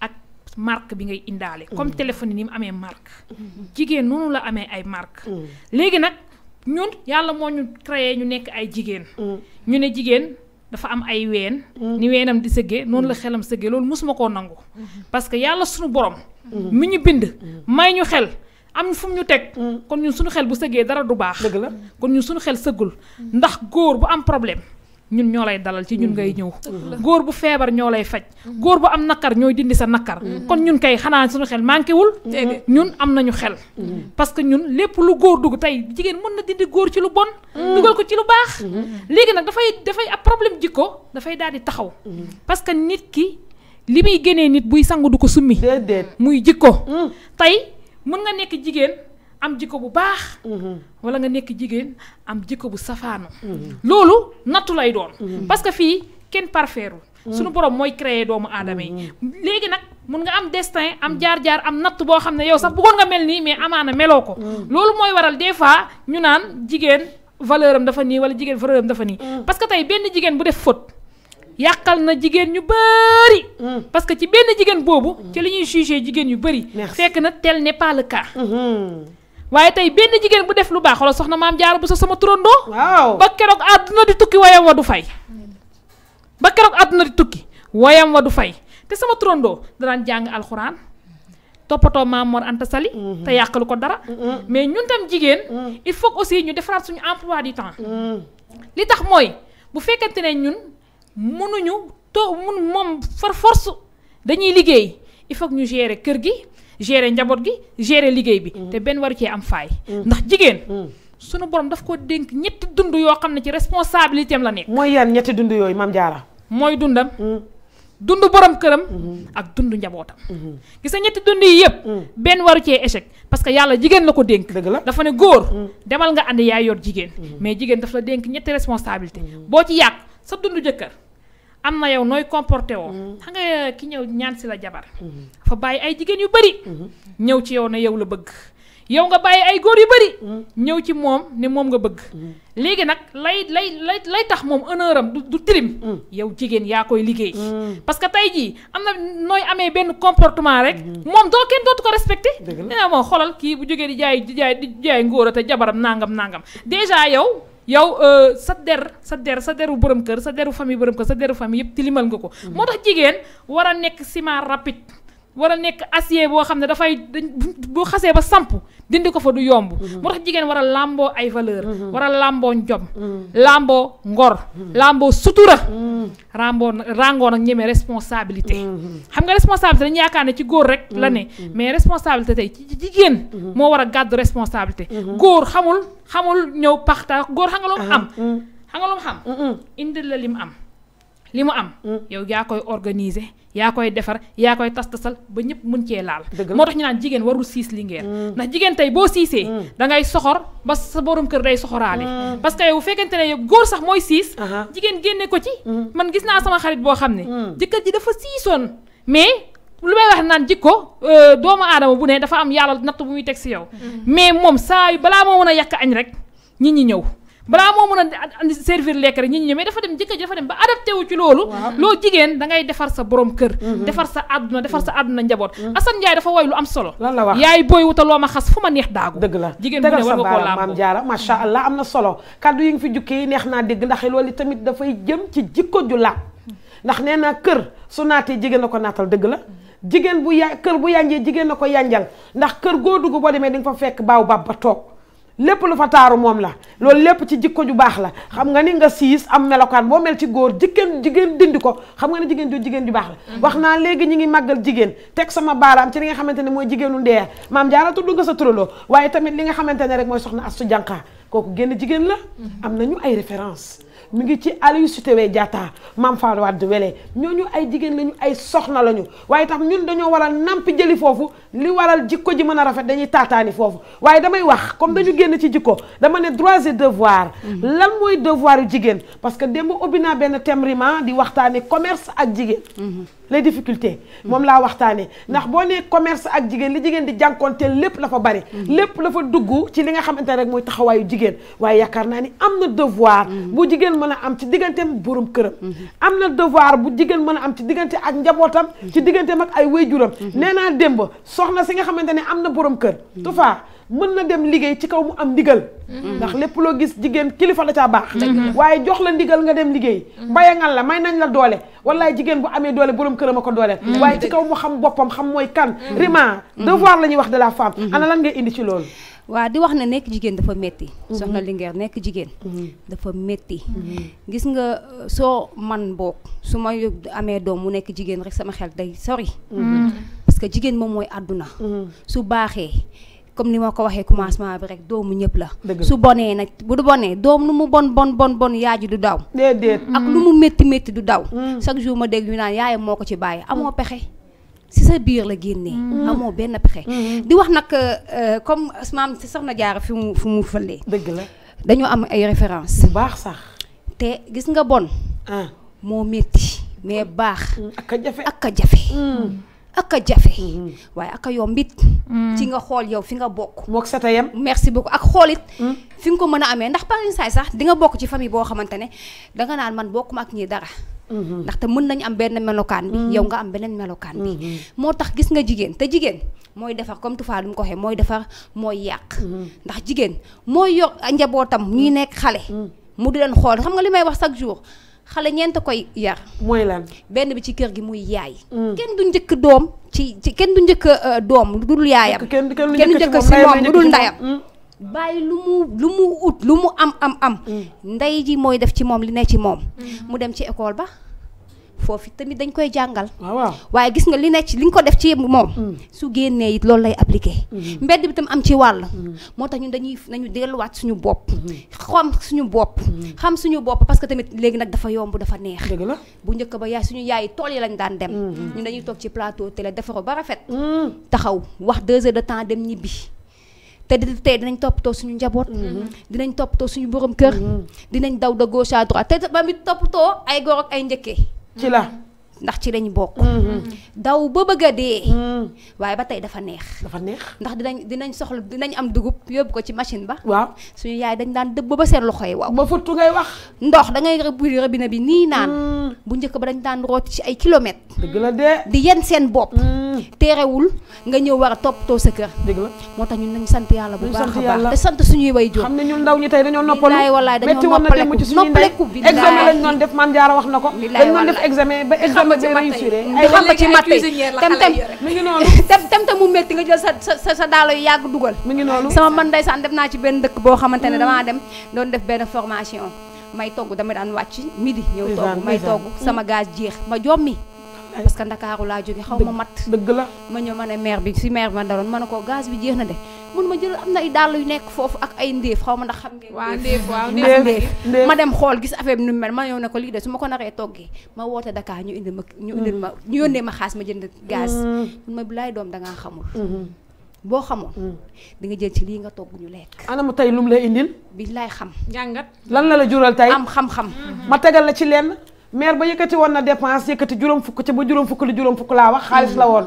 ak marque bi ngay indaale. comme mhm. téléphone ni mu amee marque. jigéen noonu la amee ay marque. Mm. léegi nag ñun yàlla moo ñu créé ñu nekk ay jigéen. Mm. ñu ne jigéen. dafa am ay ween. Mm. ni weenam di sëggee noonu la mm. xelam sëggee loolu mosuma koo nangu. Mm-hmm. parce que yàlla suñu borom. mu mm. ñu bind. may ñu xel am fu ñu teg. kon ñu suñu xel bu sëggee dara du baax. dëgg la kon ñu suñu xel sëggul. ndax góor bu am problème. ñun ñoo lay dalal ci ñun mm-hmm. ngay ñëw mm-hmm. góor bu feebar ñoo lay faj mm-hmm. góor bu am nakar ñooy dindi sa nakar kon ñun kay xanaa suñu xel manqué wul ñun am nañu xel parce que ñun lépp lu góor dugg tey jigéen mën na dindi góor ci lu bon dugal ko ci lu baax léegi nag dafay dafay ab problème jikko dafay daal di taxaw parce que nit ki li muy génnee nit buy sangu du ko summi muy jikko mm. tey mën nga nekk jigéen am jikko bu baax. Mhm. wala nga nekk jigéen am jikko bu safaanu. Mhm. loolu nattu lay doon. Mhm. parce que fii kenn parfeeru suñu borom mooy créer doomu aadama yi. léegi nag mun nga am destin am jaar-jaar am natt boo xam ne yow sax bëggoon nga mel nii mais amaana meloo ko. loolu mooy waral des fois ñu naan jigéen valeur am dafa nii wala jigéen valeur dafa nii. parce que tey benn jigéen bu def faute. yàqal na jigéen ñu bëri. parce que ci benn jigéen boobu. ci li ñuy jugé jigéen yu bëri. fekk na tel n'est pas le waaye tey benn jigéen bu def lu baax wala soxna maam jaar bu sa sama turandoo. waaw ba keroog àdduna di tukki wayam wa du fay. ba keroog tukki wayam wa du fay te sama turandoo danaan jàng alxuraan toppatoo maam Mor Anta Sali. Mhm. te yàqalu ko dara. Mhm. mais ñun tam jigéen. Mhm. il faut aussi ñu defaraat suñu emploi di temps. li tax mooy bu fekkante ne ñun mënuñu to mun moom far force dañuy liggéey il faut ñu gérer kër gi. gérer njaboot gi gérer liggéey bi. Mm. te benn waru cee am faay. Mm. ndax jigéen. Mm. sunu borom daf ko dénk ñetti dund yoo xam ne ci responsabilité am la nekk. mooy yan ñetti dund yooyu maam jaara mooy dundam. dund borom këram. Mm-hmm. ak dund njabootam. Mm-hmm. gis nga ñetti dund yi yëpp. benn waru cee échec parce que yàlla jigéen la ko dénk. dëgg la dafa ne góor. demal nga ànd yaay yor jigéen. Mm-hmm. mais jigéen dafa la dénk ñetti responsabilité boo ci yàq sa dund jëkkër. am na yow nooy comporté woo. Mm-hmm. xam nga ki ñëw ñaan si la jabar. Mm-hmm. fa bàyyi ay jigéen yu bëri. Mm-hmm. ñëw ci yow ne yow la bëgg. yow nga bàyyi ay góor yu bëri. ñëw ci moom ne moom nga bëgg. léegi nag lay lay lay lay tax moom honneur am du tilim. Mm. yow jigéen yaa koy liggéey. Mm. parce que tey jii am na nooy amee benn comportement rek. moom doo kenn dootu ko respecté. dëgg la nee naa moom xoolal kii bu jógee di jaay di jaay di jaay ngóora te jabaram nangam nangam déjà yow. yow euh, sa der sa der sa deru borom kër sa deru famille borom kër sa deru famille yëpp tilimal nga ko mm-hmm. moo tax jigéen war a nekk ciment rapide war a nekk acier boo xam ne dafay boo xasee ba samp dindi ko fa du yomb mhm. moo tax jigéen war a làmboo ay valeur mhm. war a làmboo njom mhm. làmboo ngor làmboo sutura ràmboo ràngoo nag ñemee responsabilité xam nga responsabilité dañu yaakaar ne ci góor rek la ne mais responsabilité tey ci jigéen moo war a gàddu responsabilité góor xamul xamul ñëw paxta góor xam nga lu mu ah. am xam nga la li mu am li mu am. yow yaa koy organiser yaa koy defar yaa koy tas tasal ba ñëpp mën cee laal. moo tax ñu naan jigéen warul siis lingeer. Mm. ndax jigéen tey boo siisee. Mm. da ngay soxor ba sa borom kër day soxoraale. Mm. parce que yow bu fekkente ne góor sax mooy siis. jigéen génne ko ci. man gis naa sama xarit boo xam ne. jëkkër ji dafa siisoon mais. lu may wax naan jikko euh, doomu aadama bu ne dafa am yàlla natt bu muy teg si yow mais moom saa yu balaa moo mën a yàq añ rek nit ñi ñëw balaa moo mën a servir lekk rek ñi ñu ñëmee dafa dem jëkkër ji dafa dem ba adapté wu ci loolu loo jigéen dangay ngay defar sa borom kër mhm. defar sa àdduna defar sa mhm. àdduna njaboot mhm. Assane Ndiaye dafa woy lu am solo lan la wax yaay booy wuta loo ma xas fu ma neex daagu dëgg la jigéen bu ne war nga koo laam am na solo kaddu yi nga fi jukkee neex naa dégg ndax loolu tamit dafay jëm ci jikko ju laab ndax nee naa kër su naatee jigéen na ko naatal dëgg la jigéen bu ya kër bu yanjee jigéen na ko yanjal ndax kër goo dugg boo demee di nga fa fekk baaw baab ba toog lépp lu fa taaru moom la loolu lépp ci jikko ju baax la xam nga ni nga siis am melokaan boo mel ci góor jigéen jigéen dindi ko xam nga ne jigéen ju jigéen ju baax la mhm. wax naa léegi ñi ngi màggal jigéen teg sama baaraam ci li nga xamante ne mooy jigéenu ndeer maam jaara tudd nga sa turaloo waaye tamit li nga xamante ne rek mooy soxna Astu Janqa kooku génn jigéen la. am na ñu ay référence mu ngi ci we Sitoé Diatta Mame Fallou Wade Wele ñooñu ay jigéen lañu ay soxna lañu waaye tax ñun dañoo waral nampi jëli foofu li waral jikko ji mën a rafet dañuy tataani foofu waaye damay wax comme dañu génn ci jikko dama ne droits et devoirs. lan mooy devoir yu jigéen parce que démb ubbi naa benn thème rima di waxtaane commerce ak jigéen. les difficultés moom laa waxtaanee ndax boo nee commerce ak jigéen li jigéen di jànkonteel lépp la fa bari lépp la fa dugg ci li nga xamante ne rek mooy taxawaayu jigéen waaye yaakaar naa ni am na devoir bu jigéen mën a am ci digganteem borom këram am na devoir bu jigéen mën a am ci diggante ak njabootam ci diggante ak ay waajuram mhm. nee naa démb soxna si nga xamante ne am na borom kër tufaa mën na dem liggéey ci kaw mu am ndigal. Mm-hmm. ndax lépp loo gis jigéen kilifa da caa baax. Mm-hmm. waaye jox la ndigal nga dem liggéey. Mm-hmm. bayangal la may nañ la doole. wallaay jigéen bu amee doole boroom këram a ko dooleel. waaye ci kaw mu xam boppam xam mooy kan. rima devoir la ñuy wax de la femme. ana lan ngay indi ci loolu. waa di wax ne nekk jigéen dafa metti soxna Linguère nekk jigéen dafa metti gis nga euh, soo man boog su ma amee doom mu nekk jigéen rek sama xel day sori parce que jigéen moom mooy àdduna baaxee comme ni ma ko waxee commencement bi rek doomu ñëpp la. su bonee nag bu du bonee doom lu mu bon bon bon bon ji du daw. ak lu mm. mu métti métti du daw. Mm. chaque jour ma dégg yaayam moo ko ci bàyyi mm. amoo pexe. si sa biir la génnee. benn pexe. di wax nag euh, comme maam si sax na jaar fi mu fi mu fëlee. dëgg la dañoo am ay référence bu baax sax. te gis nga bon. Ah. moo métti mais baax. ak jafe ak a jafe. ak a jafe. Mm. waaye ak a yombit. Mm. ci nga xool yow fi nga bokk. moog sa tayam merci beaucoup ak xoolit. Mm. fi nga ko mën a amee ndax par exemple sax di nga bokk ci famille boo xamante ne danga naan man bokkuma ak ñi dara. Mm-hmm. ndaxte mën nañ am benn melokaan bi mm-hmm. yow nga am beneen melokaan bi mm-hmm. moo tax gis nga jigéen te jigéen mooy defar comme tufaa lu mu ko waxee mooy defar mooy yàq ndax jigéen mooy yor njabootam ñuy nekk xale mu di leen xool xam nga li may wax chaque jour xale ñeent koy yar. mooy benn bi ci kër gi muy yaay. Mm. kenn du njëkk doom ci ci kenn du njëkk euh, doom lu dul yaayam. kenn du njëkk si moom lu dul ndayam. Mm. bàyyi lu mu lu mu ut lu mu am am am. Mm. ndey ji mooy def ci moom li ne ci moom. mu dem ci école ba. foofu tamit dañ koy jàngal. waaw waaye gis nga li nekk ci li nga ko def ci moom. Mm. su génnee it loolu lay appliqué. Mm-hmm. mbedd bi tam am ci wàll. Mm-hmm. moo tax ñun dañuy nañu delluwaat suñu bopp. Mm-hmm. xam suñu bopp. xam suñu bopp parce que tamit léegi nag dafa yomb dafa neex. dëgg la bu njëkk ba yaay suñu yaay tool yi lañ daan dem. ñun dañuy toog ci plateau télé defaroo ba rafet. Mm. taxaw wax deux heures de temps dem ñibbi. te di tey dinañ toppatoo suñu njaboot. dinañ toppatoo suñu borom kër. dinañ daw de gauche à droite te tamit toppatoo ay góor ay njëkkee. ci la ndax ci lañ bokk. Mm-hmm. daw ba bëgg a dee. Mm-hmm. waaye ba tey dafa neex. dafa neex ndax dinañ dinañ soxla dinañ am dugub yóbbu ko ci machine ba. waaw suñu yaay dañ daan dëbb ba seen loxo yi waaw. ba futtu ngay wax. ndox da ngay buri robinet bi nii naan. Mm. bu njëkk ba dañ daan rooti ci ay kilomètres. dëgg la dee di yenn seen bopp. Mm. teerewul nga ñëw war a toppatoo sa kër. moo tax ñun nañu sant yàlla bu baax a baax te sant suñuy way jóg. xam ne ñun ndaw ñi tey dañoo noppalu. billaay wallaay dañoo na dem ci suñuy ndey examen lañ ko. wallaay dañ doon def examen ba ma ci matte xam ma ci matte tem tem mi ngi noonu tem tem te mu métti nga jël sa sa sa daalo yu yàgg dugal mi ngi noonu sama man ndeysaan def naa ci benn dëkk boo xamante ne mm. damaa dem doon def benn formation may togg dama daan wàcc midi ñëw togg may togg sama gaz jeex ma jommi parce que ndakaaru laa jóge xaw ma mat dëgg la ma ñëw ma ne bi si maire bi ma daroon ma ne ko gaz bi jeex na de mun ma jël am na ay yu nekk foofu ak ay ndéef xaw ma ndax xam ngeen waaw ndéef waaw ndéef ma dem xool gis affaire bi nu ma ñëw ne ko lii de su ma ko naree toggee ma woote Dakar ñu indi ma ñu indi ma ñu yónnee ma xaas ma jënd gaas mm. mun ma bi laay doom dangaa xamul mm-hmm. boo xamoon mm. di nga jël ci lii nga togg ñu lekk. anamu tey lum la indil. billaay xam. jàngat lan la la jural tey am xam-xam. maire ba yëkkati woon na dépense yëkkati juróom fukk ca ba juróom fukk li juróom fukk laa wax xaalis la woon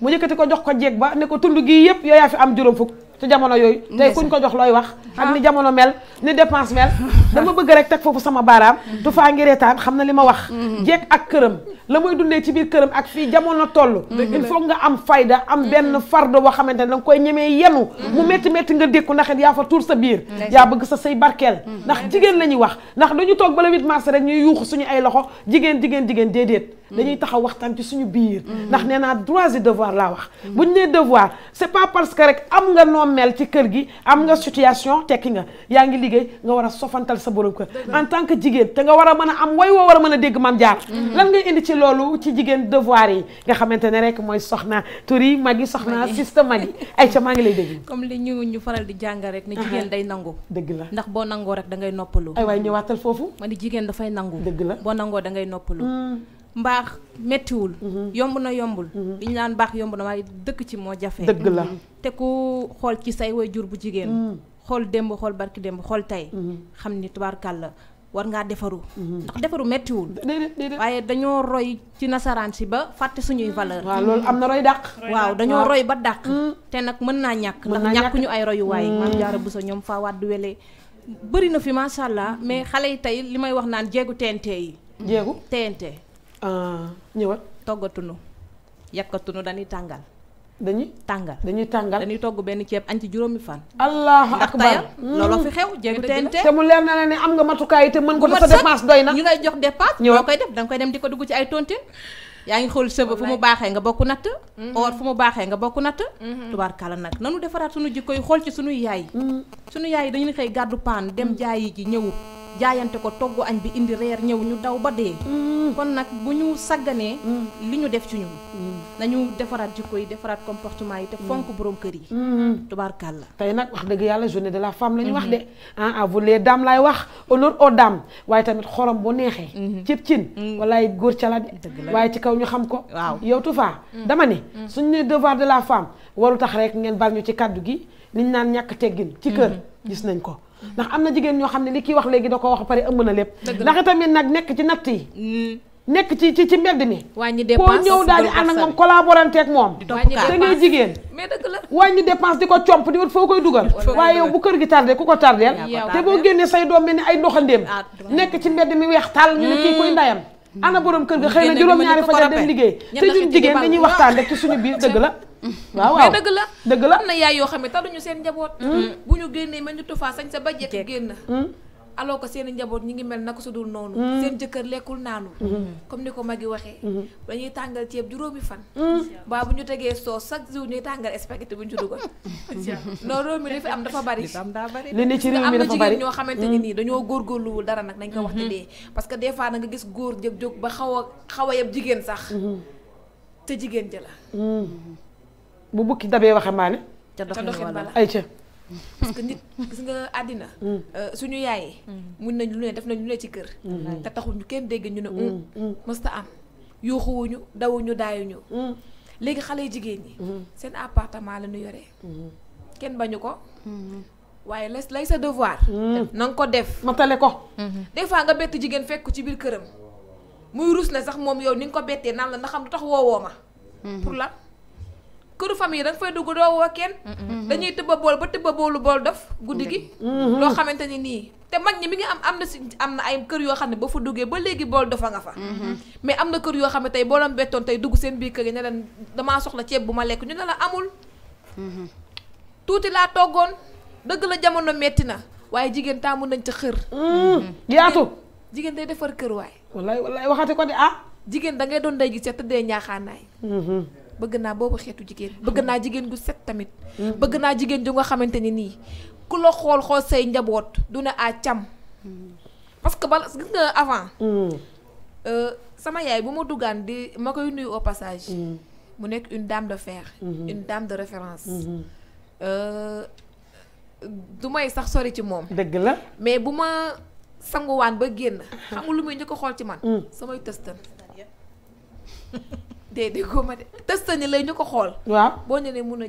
mu yëkkati ko jox ko jeeg ba ne ko tund gii yëpp yooyaa fi am juróom fukk ci jamono yooyu tey kuñ ko jox looy wax ak ni jamono mel ni dépense mel dama bëgg rek teg foofu sama baaraam tufaa ngi reetaan xam na li ma wax mhm. jeeg ak këram la muy dundee ci biir këram ak fii jamono toll il faut nga am fayda am mhm. benn fardo boo xamante ne da koy ñemee yenu mu métti mhm. métti nga dékku ndax it yaa fa tuur sa biir yaa bëgg sa say barkeel ndax jigéen la ñuy wax ndax ñu toog bala 8 mars rek ñuy yuuxu suñu ay loxo jigéen jigéen jigéen déedéet dañuy taxaw waxtaan ci suñu biir ndax nee naa droits et devoir laa wax buñ nee devoir c'est pas parce que rek am nga noo ci kër gi am nga situation tekki nga yaa ngi liggéey war a sofantal sa borom kër en tant que jigéen te nga war a mën a am way woo war a mën a dégg maam mhm. jaar lan ngay indi ci loolu ci jigéen devoir yi nga xamante ne rek mooy soxna turi magi soxna sista magi ay ca maa ngi lay dégg comme li ñu ñu faral di jàngal rek ne jigéen day nangu dëgg la ndax boo nangoo rek dangay noppaloo noppalu ay waay ñëwaatal foofu man ni jigéen dafay nangu dëgg la boo nangoo da ngay noppalu mm. mbaax méttiwul mhm. yomb na yombul mhm. li ñu naan baax yomb na waaye dëkk ci moo jafe dëgg la te ku xool ci say way jur bu jigéen mm. xool démb xool barki démb xool tey. Mhm. xam ni la war ngaa defaru. Mhm. ndax defaru méttiwul. waaye dañoo roy ci nasaraan si ba fàtte suñuy mm. valeur. waaw loolu am na roy dàq. waaw dañoo roy ba dàq. Mm. te nag mën naa ñàkk. ndax ñàkkuñu ay royuwaay. Mm. maam jaara bu sa ñoom faa wàddu wele. na fi macha allah mais xale yi tey li may wax naan jéegu TNT yi. jéegu TNT. Ah, ñëwat toggatunu yakkatunu dañuy tàngal. dañuy tàngal dañuy tàngal dañuy togg benn ceeb añ ci juróomi fan allahu akbar loolu fi xew jéegu teente mm. te mu leer na la ne am nga matukaay te mën ko dafa dépense doy na ñu ngay jox koy def da nga koy di ko dugg ay tontine yaa ngi xool sëba fu mu baaxee nga bokk natt mm-hmm. or fu mu baaxee nga bokk natt mm-hmm. tubaarkàlla nag nanu defaraat suñu jikko yi xool ci suñuy yaay mm. suñu yaay dañuy xëy gàddu paan dem mm. jaayi ji ñëwut jaayante ko togg añ bi indi reer ñëw ñu daw ba dee mm. kon nag bu ñu sagganee mm. li ñu def ci ñun mm. nañu defaraat ci koy defaraat comportement yi te fonk borom kër yi tubaar la tey nag wax dëgg yàlla journée de la femme la ñu wax de mm-hmm. ah à vous les dames laay wax honneur aux dames waaye tamit xorom bu neexee mm-hmm. ci cin walaay góor ca la de waaye ci kaw ñu xam ko waaw yow Toufa dama ne suñu ne devoir de la femme waru tax rek ngeen bal ñu ci kàddu gi liñ naan ñàkk teg ci kër mm-hmm. gis nañ ko ndax am na jigéen ñoo xam ne li kii wax léegi da ko wax pare ëmb na lépp ndax itamit nag nekk ci natt yi mm. nekk ci ci ci mbedd mi. wàññi dépense koo ñëw daal di ànd ak moom moom. di jigéen. mais dëgg la wàññi dépense di ko comp di foo koy dugal. waaye yow bu kër gi tardé ku ko tardé. te boo génnee say doom mel ni ay doxandéem. Ah, nekk ci mbedd mi weex tàll ñu ne kii koy mm. ndayam. ana borom kër ga xëy na juróom-ñaari fajar dem liggéey. te ñun jigéen dañuy waxtaan rek ci suñu biir dëgg la. waaw mais dëgg la dëgg la am na yaay yoo xam ne taluñu seen njaboot hmm. Hmm. bu ñu génnee mel ni tufaa sañ sa ba jekk génn hmm. alors que seen njaboot ñi ngi mel naka su dul noonu seen jëkkër lekkul naanu comme ni ko magi waxee dañuy tàngal ceeb juróomi fan baa bu ñu tegee soos chaque jour ñuy tàngal spaghetti bu ñu ci dugal non réew mi li fi am dafa bari li ne ci réew mi dafa bari am na jigéen ñoo xamante ni nii dañoo góorgóorluwul dara nag nañ ko wax te dee parce que des fois na nga gis góor jëb jóg ba xaw a xaw a yab jigéen sax te jigéen ja la bu bukki dabee waxambaane ca doxin wala ay ca parce que nit gis nga àddina mm. euh, suñu yaayee mm. mun nañ lu ne def nañ lu ne ci kër mm. te taxul ñu kenn dégg ñu ne mësta am yuuxuwuñu dawuñu daayuñu léegi xale yu jigéen ñi seen appartement la ñu yoree kenn bañu ko mm-hmm. waaye la lay sa devoir na nga ko def matale ko mm-hmm. des fois nga bett jigéen fekk ci biir këram muy rus na sax moom yow ni nga ko bettee naan la ndax xam du tax woowoo ma mm-hmm. pour lan këru famille da nga dugg doo woo kenn dañuy tëbba bool ba tëbba boolu bool def guddi gi mm-hmm. Mm-hmm. loo xamante ni nii te mag ñi mi ngi am am na si am na ay kër yoo xam ne ba fa duggee ba léegi bool dafa nga fa mm-hmm. mais am na kër yoo xam ne tey boo doon bettoon tey dugg seen biir kër yi ne leen damaa soxla ceeb bu ma lekk ñu ne la amul tuuti laa toggoon dëgg la jamono metti na waaye jigéen taamu nañ ca xër yaatu jigéen day defar kër waay wallaay waxate ko de ah jigéen da doon day gis te tëddee bëgg naa boobu xeetu jigéen hmm. bëgg naa jigéen gu set tamit hmm. bëgg naa jigéen ju nga xamante ne nii ku la xool xool say njaboot du ne a cam hmm. parce que bala gis nga avant euh, sama yaay bu ma duggaan di ma koy nuyu au passage mu nekk une dame de fer une dame de référence euh, du may sax sori ci moom dëgg la mais bu ma sanguwaan ba génn xam lu muy njëkk xool ci man samay tëstan déedéet góob ma de testé ni lay ñu ko xool. waaw boo ñu nee mun a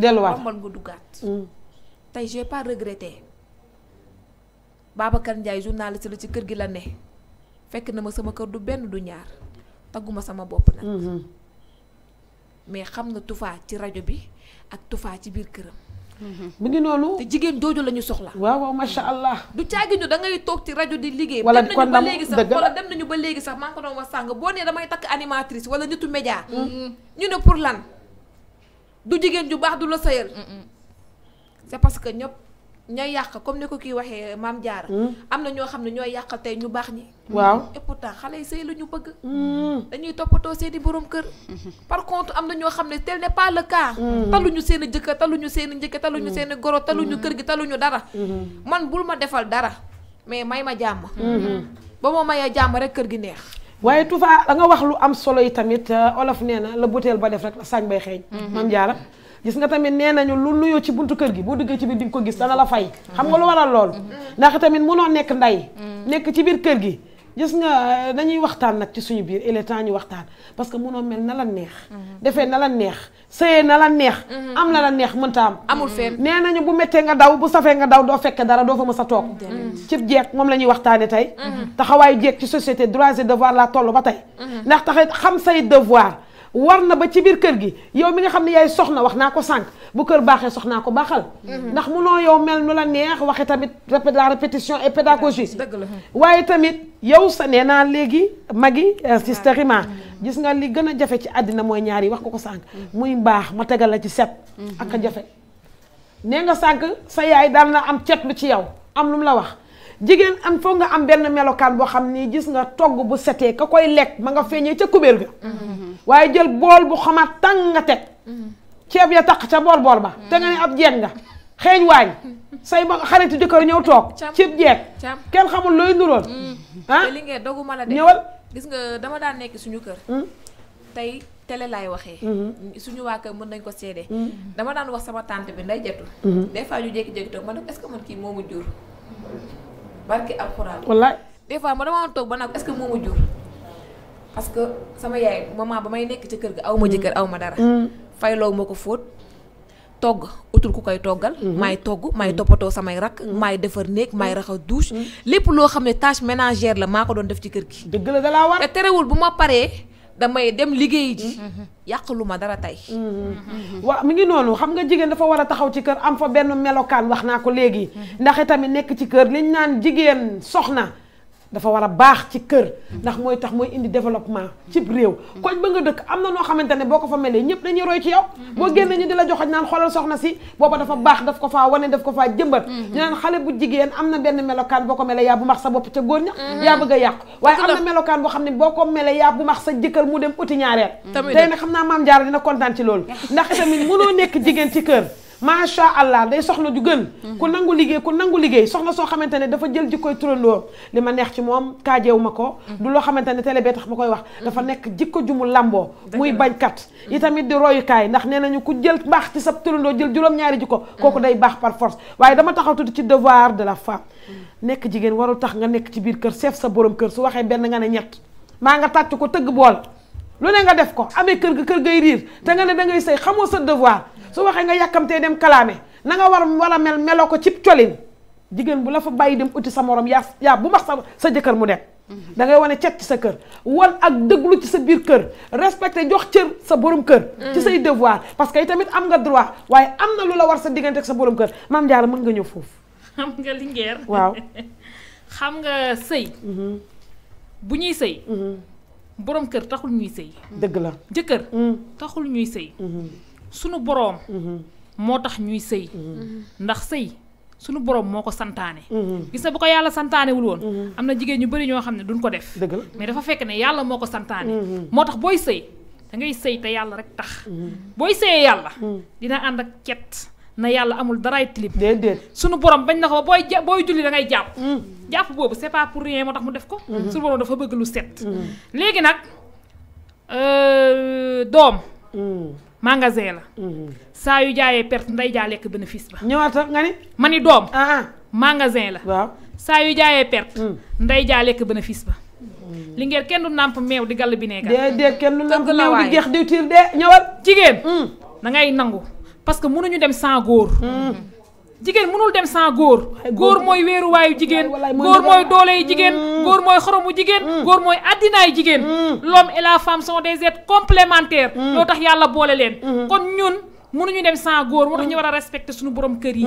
delluwaat mën nga duggaat. Mm. tey j'ai pas regretté. Babacar Ndiaye journaliste la ci kër gi la ne. fekk na ma sama kër du benn du ñaar tagguma sama bopp nag. Mm-hmm. mais xam nga Toufa ci rajo bi ak Toufa ci biir këram. mi ngi noonu te jigéen jooju la ñu soxla waaw waaw macha allah du caagi ñu da ngay toog ci rajo di liggéey wala dem nañu ba léegi sax wala dem nañu ba léegi sax maa ngi doon wax sàng boo nee damay takk animatrice wala nitu média hmm. ñu ne pour lan du jigéen ju baax du la sayal c'est parce que ñëpp ñooy yàq comme ni ko kii waxee maam Diarra. Hmm. am na ñoo xam ne ñooy yàq tey ñu baax ñi. waaw et xale yi sëy la ñu bëgg. Hmm. dañuy toppatoo seen i kër. par contre am na ñoo xam ne tel ne pas le cas. Hmm. taluñu seen i jëkkër taluñu seen i njëkk taluñu seen i goro taluñu kër gi taluñu dara. man bul ma defal dara mais may ma jàmm. ba moo mayee jàmm rek kër gi neex. waaye Touba da nga wax lu am solo yi tamit euh, olof nee na la butéel ba def rek la sañ bay xeeñ. maam Diarra. gis nga tamit nee nañu lu nuyoo ci buntu kër gi boo duggee ci biir di nga ko gis dana la fay xam nga lu waral loolu mm-hmm. ndax tamit munoo nekk nday mm-hmm. nekk ci biir kër gi gis nga euh, dañuy waxtaan nag ci suñu biir il est waxtaan parce que munoo mel na la neex mm-hmm. defee na la neex sëyee na la neex am na la neex mënta am amul fenn nee nañu bu méttee nga daw bu safee nga daw doo fekk dara doo fa mës a toog cib jeeg moom la ñuy waxtaane tey taxawaayu jeeg société droits et devoir la toll ba tey ndax tax xam say devoir war na ba ci biir kër gi yow mi nga xam ne yaay soxna wax naa ko sànq bu kër baaxee soxnaa ko baaxal mhm. ndax mu munoo yow mel nu la neex waxe tamit la répétition et pédagogie ah, waaye tamit yow sa nee naa léegi magi euh, ah. sisterima mhm. gis nga li gën a jafe ci àddina mooy ñaari wax ko ko sànq mhm. muy mbaax ma tegal la ci set ak a jafe nee nga sànq sa yaay daan na am cetlu ci yow am lu mu la wax jigéen am foog nga am benn melokaan boo xam ni gis nga togg bu setee ka koy lekk ma nga feeñee ca kubéer ga mm-hmm. waaye jël bool bu xamaat tàng nga teg mm-hmm. ceeb ya tax ca bool bool ba te nga ne ab jeeg nga mm-hmm. xeeñ waañ say ma xaritu jëkkër ñëw toog cib jeeg kenn xamul looy nuroon ah li ngeen doguma la de ñëwal gis nga dama daan nekk suñu kër mm. tey tele laay waxee suñu waa kër mën nañ ko seede dama daan wax sama tante bi nday jetu des fois ñu jékki-jékki toog ma ne est-ce que man kii moomu jur barki alxuraan. wallaay des fois ma dama toog ba nag est-ce que moo ma jur. parce que sama yaay maman ba may nekk ci kër gi aw ma mm. jëkkër aw ma fay mm. fayloo ma ko fóot. togg utul ku koy toggal. Mm-hmm. maay togg maay mm-hmm. toppatoo samay rakk. Mm-hmm. maay defar néeg maay raxas douche. lépp loo xam ne tâche ménagère la maa ko doon def ci kër gi. dëgg te terewul bu ma paree. damay dem liggéey ji mm-hmm. yàqalu ma dara tey mm-hmm. waaw mi ngi noonu xam nga jigéen dafa war a taxaw ci kër am fa benn melokaan wax naa ko léegi mm-hmm. ndax itamit nekk ci kër liñ naan jigéen soxna dafa war a baax ci kër ndax mooy tax mooy indi développement cib réew koñ ba nga dëkk am na noo xamante ne boo ko fa melee ñëpp dañuy roy ci yow boo génnee ñu di la joxoñ naan xoolal soxna si booba dafa baax daf ko faa wane daf ko faa jëmbat mm-hmm. ñu naan xale bu jigéen am na benn melokaan boo ko melee yaa bu max sa bopp ca góor ña mm-hmm. yaa bëgg a yàqu waaye am na melokaan boo xam ne boo ko melee yaa bu max sa jëkkër mu dem uti ñaareel tey nag xam naa maam Jaara dina kontaan ci loolu ndax itamit mënoo nekk jigéen ci kër macha allah day soxna ju gën ku nangu liggéey ku nangu liggéey soxna soo xamante ne dafa jël jikkoy turandoo li ma neex ci moom kaajeew ma ko du loo xamante ne télé bee tax ma koy wax dafa nekk jikko ju mu lamboo muy bañkat yi tamit di royukaay ndax nee nañu ku jël baax ci sa turandoo jël juróom-ñaari kooku day baax par waaye dama taxaw tudd ci devoir de la femme nekk jigéen warul tax nga nekk ci biir kër seef sa borom kër su waxee benn nga ne ñett maa nga tàcc ko tëgg bool lu ne nga def ko amee kër ga kër gay riir te nga ne da ngay sëy xamoo sa devoir su waxee nga yàkkamtee dem kalaame na nga war war a mel meloo ko cib colin jigéen bu la fa bàyyi dem uti sa moroom yaa yaa bu max sa sa jëkkër mu dem. Mhm. da ngay wane cet ci sa kër wan ak dëglu ci sa biir kër respecté jox cër sa borom kër. ci mhm. say devoir parce que itamit am nga droit waaye am na lu la war sa diggante ak sa borom kër maam Diarra mën nga ñëw foofu. xam nga lingeer waaw xam nga sëy. Mhm. bu ñuy sëy. borom kër taxul ñuy sëy. dëgg la jëkkër. taxul ñuy sëy. sunu boroom. Mhm. moo tax ñuy sëy mhm. Mhm. ndax sëy sunu borom moo ko santaane gis na bu ko yàlla santaanewul woon am na jigéen ñu bëri ñoo xam ne duñ ko def mais dafa fekk ne yàlla moo ko santaane moo tax booy sëy da ngay sëy te yàlla rek tax booy sëyee yàlla dina ànd ak cet na yàlla amul daray tilib sunu borom bañ na ko booy ja booy julli da jàpp jàpp boobu c'est pas pour rien moo tax mu def ko sunu borom dafa bëgg lu set léegi nag euh, doom magasin la. Mhm. saa yu jaayee perte nday jaa lekk bénéfice ba. ñëwaat nga ni. ma ni doom. Ah, ah. magasin la. waaw saa yu jaayee perte. Mm. nday jaa lekk bénéfice ba. li ngeen kenn du nàmp meew di gàll bi nekk. déedéet kenn du nàmp meew di jeex diwtiir de ñëwal. jigéen. da mm. ngay nangu parce que mënuñu dem sans jigéen mënul dem sans góor góor mooy wéeruwaayu jigéen góor mooy doole yi jigéen mm. góor mooy xoromu jigéen mm. góor mooy àddina addinaay jigéen mm. l'homme et la fem sont des êtres complémentaires loo tax yàlla boole leen kon ñun mënuñu dem sans góor moo tax ñu war a respecter suñu borom kër yi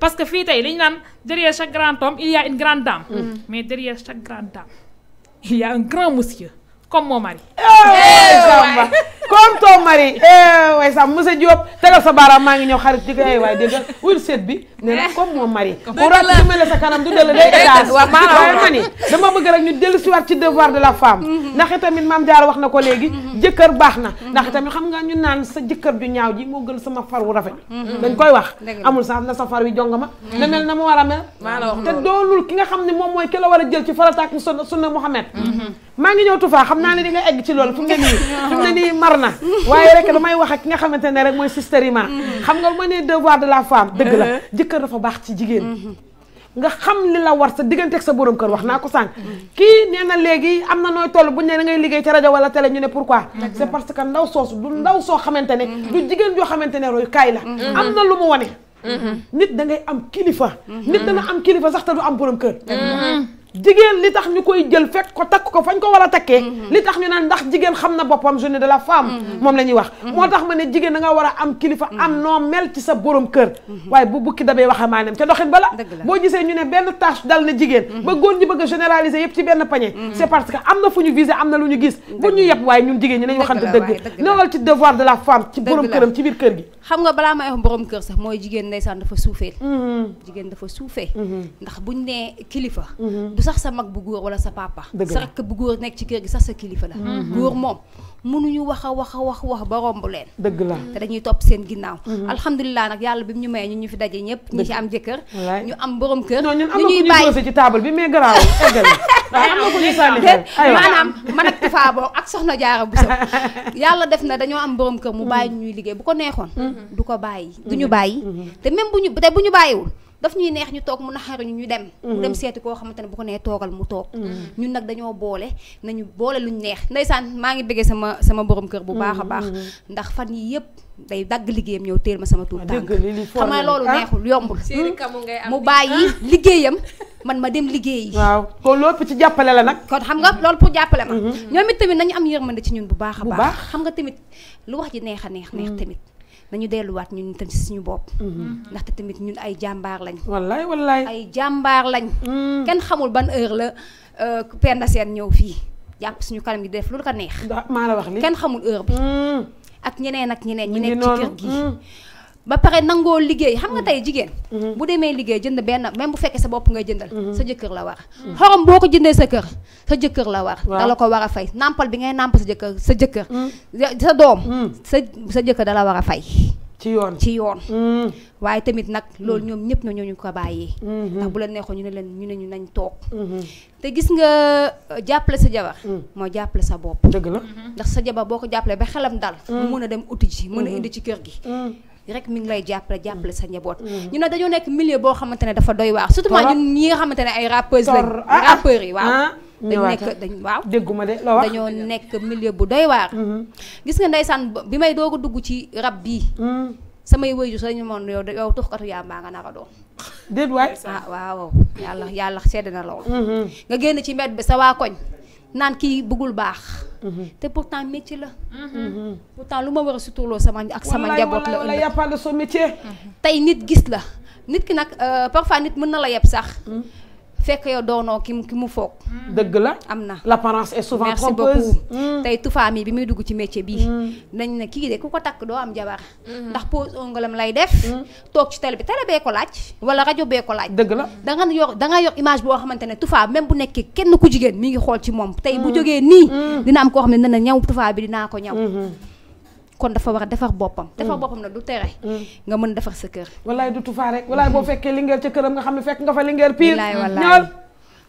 parce que fii tey li ñu naan derrière chaque grand homme il y un une grande dame mais derrière chaque grande dame il y a un grand monsieur comme mon mari eh, eh, tonton Marie eh, way sax monsieur Diop tegal sa baaraam maa ngi ñëw xarit di ko ay eh, waay dégg wul bi nee na comme moom Marie bu rat dimale sa kanam du dell day étage waaye ma ni dama bëgg rek ñu dellu si waat ci devoir de la femme mm-hmm. ndax itamit maam Diarra wax na ko léegi mm-hmm. jëkkër baax na mm-hmm. ndax itamit xam nga ñu naan sa jëkkër ju ñaaw ji moo gën sama far wu rafet dañ koy wax amul sax na sa far wi jonga ma na mel na mu war a mel te doolul ki nga xam ne moom mooy ki war a jël ci farataak sunna Muhammad maa ngi ñëw Toufa xam naa ne di nga egg ci loolu fu mu ne nii fu mu mar na waaye rek damay wax ak ki nga xamante ne rek mooy sister xam nga ma ne devoir de la femme dëgg la jëkkër dafa baax ci jigéen nga xam ni la war sa diggante ak sa borom kër wax naa ko sànq kii nee na léegi am na nooy toll buñ ne da ngay liggéey ci rajo wala télé ñu ne pourquoi c'est parce que ndaw soosu du ndaw soo xamante ne du jigéen joo xamante ne royu kaay la mm-hmm. am na lu mu wane mm-hmm. nit da ngay am kilifa mm-hmm. nit dana am kilifa sax te du am borom kër jigéen li tax ñu koy jël fekk ko takk ko fañ ko war a takkee mhm. li tax ñu naan ndax jigéen xam na boppam journée de la femme mhm. moom la ñuy wax mhm. moo tax ma ne jigéen da nga war a am kilifa am noo mel ci sa borom kër waaye bu bukki dabee waxamaaneem ca doxin bala boo gisee ñu ne benn tâche dal na jigéen ba góor ñi bëgg yëpp ci benn panier c'est que am na fu ñu visé am na lu ñu gis bu ñu yeb waaye ñun jigéen ñi nañu waxante dëgg newal ci devoir de la femme ci borom këram ci biir kër gi xam nga balaa may wax borom kër sax mooy jigéen ndeysaan dafa suufee jigéen dafa suufee ndax buñ ne kilifa sax sa mag bu góor wala sa papa sa rakk bu góor nekk ci kër gi sax sa kilifa la mm-hmm. góor moom ñu wax a wax a wax wax ba romb leen dëgg la te dañuy topp seen ginnaaw mm-hmm. alhamdulilah nag yàlla bi mu ñu mayee ñun ñu fi daje ñëpp ñi ci am jëkkër ñu am borom kër ñu ñuy bàyyi ci table bi mais garaaw eggal maanaam man ak Tifa boo ak soxna jaara bu sa yàlla def na dañoo am borom kër mu bàyyi mm-hmm. ñuy liggéey bu ko neexoon du ko bàyyi du ñu bàyyi te même bu ñu te bu ñu bàyyiwul daf ñuy neex ñu toog mun a naxaruñu ñu dem mu dem mm-hmm. seeti koo xamante ne bu ko nee toogal mu toog mm-hmm. ñun nag dañoo boole nañu boole luñ neex ndeysaan maa ngi bëggee sama sama borom kër bu baax a baax mm-hmm. ndax fan yi yëpp day dagg liggéeyam ñëw teel ma sama tuut ah, tànk xam nga loolu ah. neexul yombul hmm? mu bàyyi ah. liggéeyam man ma dem liggéey waaw kon loolu pour ci jàppale la nag kon xam nga loolu pour jàppale ma ñoom it tamit nañu am yërmande ci ñun bu baax a baax xam nga tamit lu wax ji neex a neex neex mm. tamit nañu delluwaat ñu tam ci suñu bopp. Mm-hmm. ndaxte tamit ñun ay jàmbaar lañ. wallaay wallaay ay jàmbaar lañ. Mm. kenn xamul ban heure la euh, Penda Sène ñëw fii jàpp suñu kanam gi def lu ko neex. maa wax li kenn xamul heure bi. Mm. ak ñeneen ak ñeneen. ñu nekk ci kër gi. Mm. ba pare nangoo liggéey xam nga mm. tey jigéen mm-hmm. bu demee liggéey jënd benn même bu fekkee sa bopp ngay jëndal mm-hmm. sa jëkkër la war mm-hmm. xorom boo ko jëndee sa kër sa jëkkër la war da la ko war a fay nàmpal bi ngay nàmp sa jëkkër sa jëkkër mm. sa doom mm. sa sa jëkkër da war a fay ci yoon ci yoon waaye tamit nag loolu ñoom ñëpp na ñu ko bàyyee ndax bu la neexoon ñu ne leen ñu ne ñu nañ toog te gis nga euh, jàppale sa jabar mooy jàppale sa bopp dëgg la ndax sa jabar boo ko jàppalee ba xelam dal mu mën a dem uti ji mën a indi ci kër gi rek mi ngi lay jàppale jàppale sa njaboot. Mm. Mm. ñu ne dañoo nekk milieu boo xamante ne dafa doy waar. surtout ñun ñi nga xamante ne ay rappeurs lañ. Ah, ah. rappeurs yi waaw. Ah, dañ nekk dañ waaw dégguma de loo wax dañoo nekk milieu bu doy waar. Mm-hmm. gis nga ndeysaan bi may doo a dugg ci rab bii. Mm. samay wëyju sax ñu moon yow yow tuxkatu yàmbaa nga nar a doon. déet waay ah waaw yàlla yàlla sedd na lool. Mm-hmm. nga génn ci mbedd bi sa koñ naan kii bëggul baax. Mm-hmm. te pour pourtant métier la. Mm-hmm. pourtant lu ma war a suturloo sama ak sama njaboot la. walaay tey nit gis la nit ki nag euh, parfois nit mën na la yeb sax. Mm-hmm. fekk yow doonoo ki mu mu foog. Mm. dëgg la am na. l'apparence est souvent trompeuse merci beaucoup. Mm. tey tufaam yi bi muy dugg ci métier bii. Mm. nañ ne kii de ku ko takk doo am jabar. Mm-hmm. ndax pose ongalam lay def. toog ci télé bi télé bee ko laaj. wala rajo bee ko laaj. dëgg la da nga yor danga yor image boo xamante ne tufaam même bu nekkee kenn ku jigéen mi ngi xool ci moom. tey bu jógee nii. dina am koo xam ne dina ñaw tufaam bi dinaa ko ñaw. Mm-hmm. kon dafa war a defar boppam. Mm. defar boppam nag du tere. Mm. nga mën defar sa kër. walaay du tufaa rek walaay boo fekkee lingeer ca këram nga xam ne fekk nga fa lingeer pire. Mm. ñool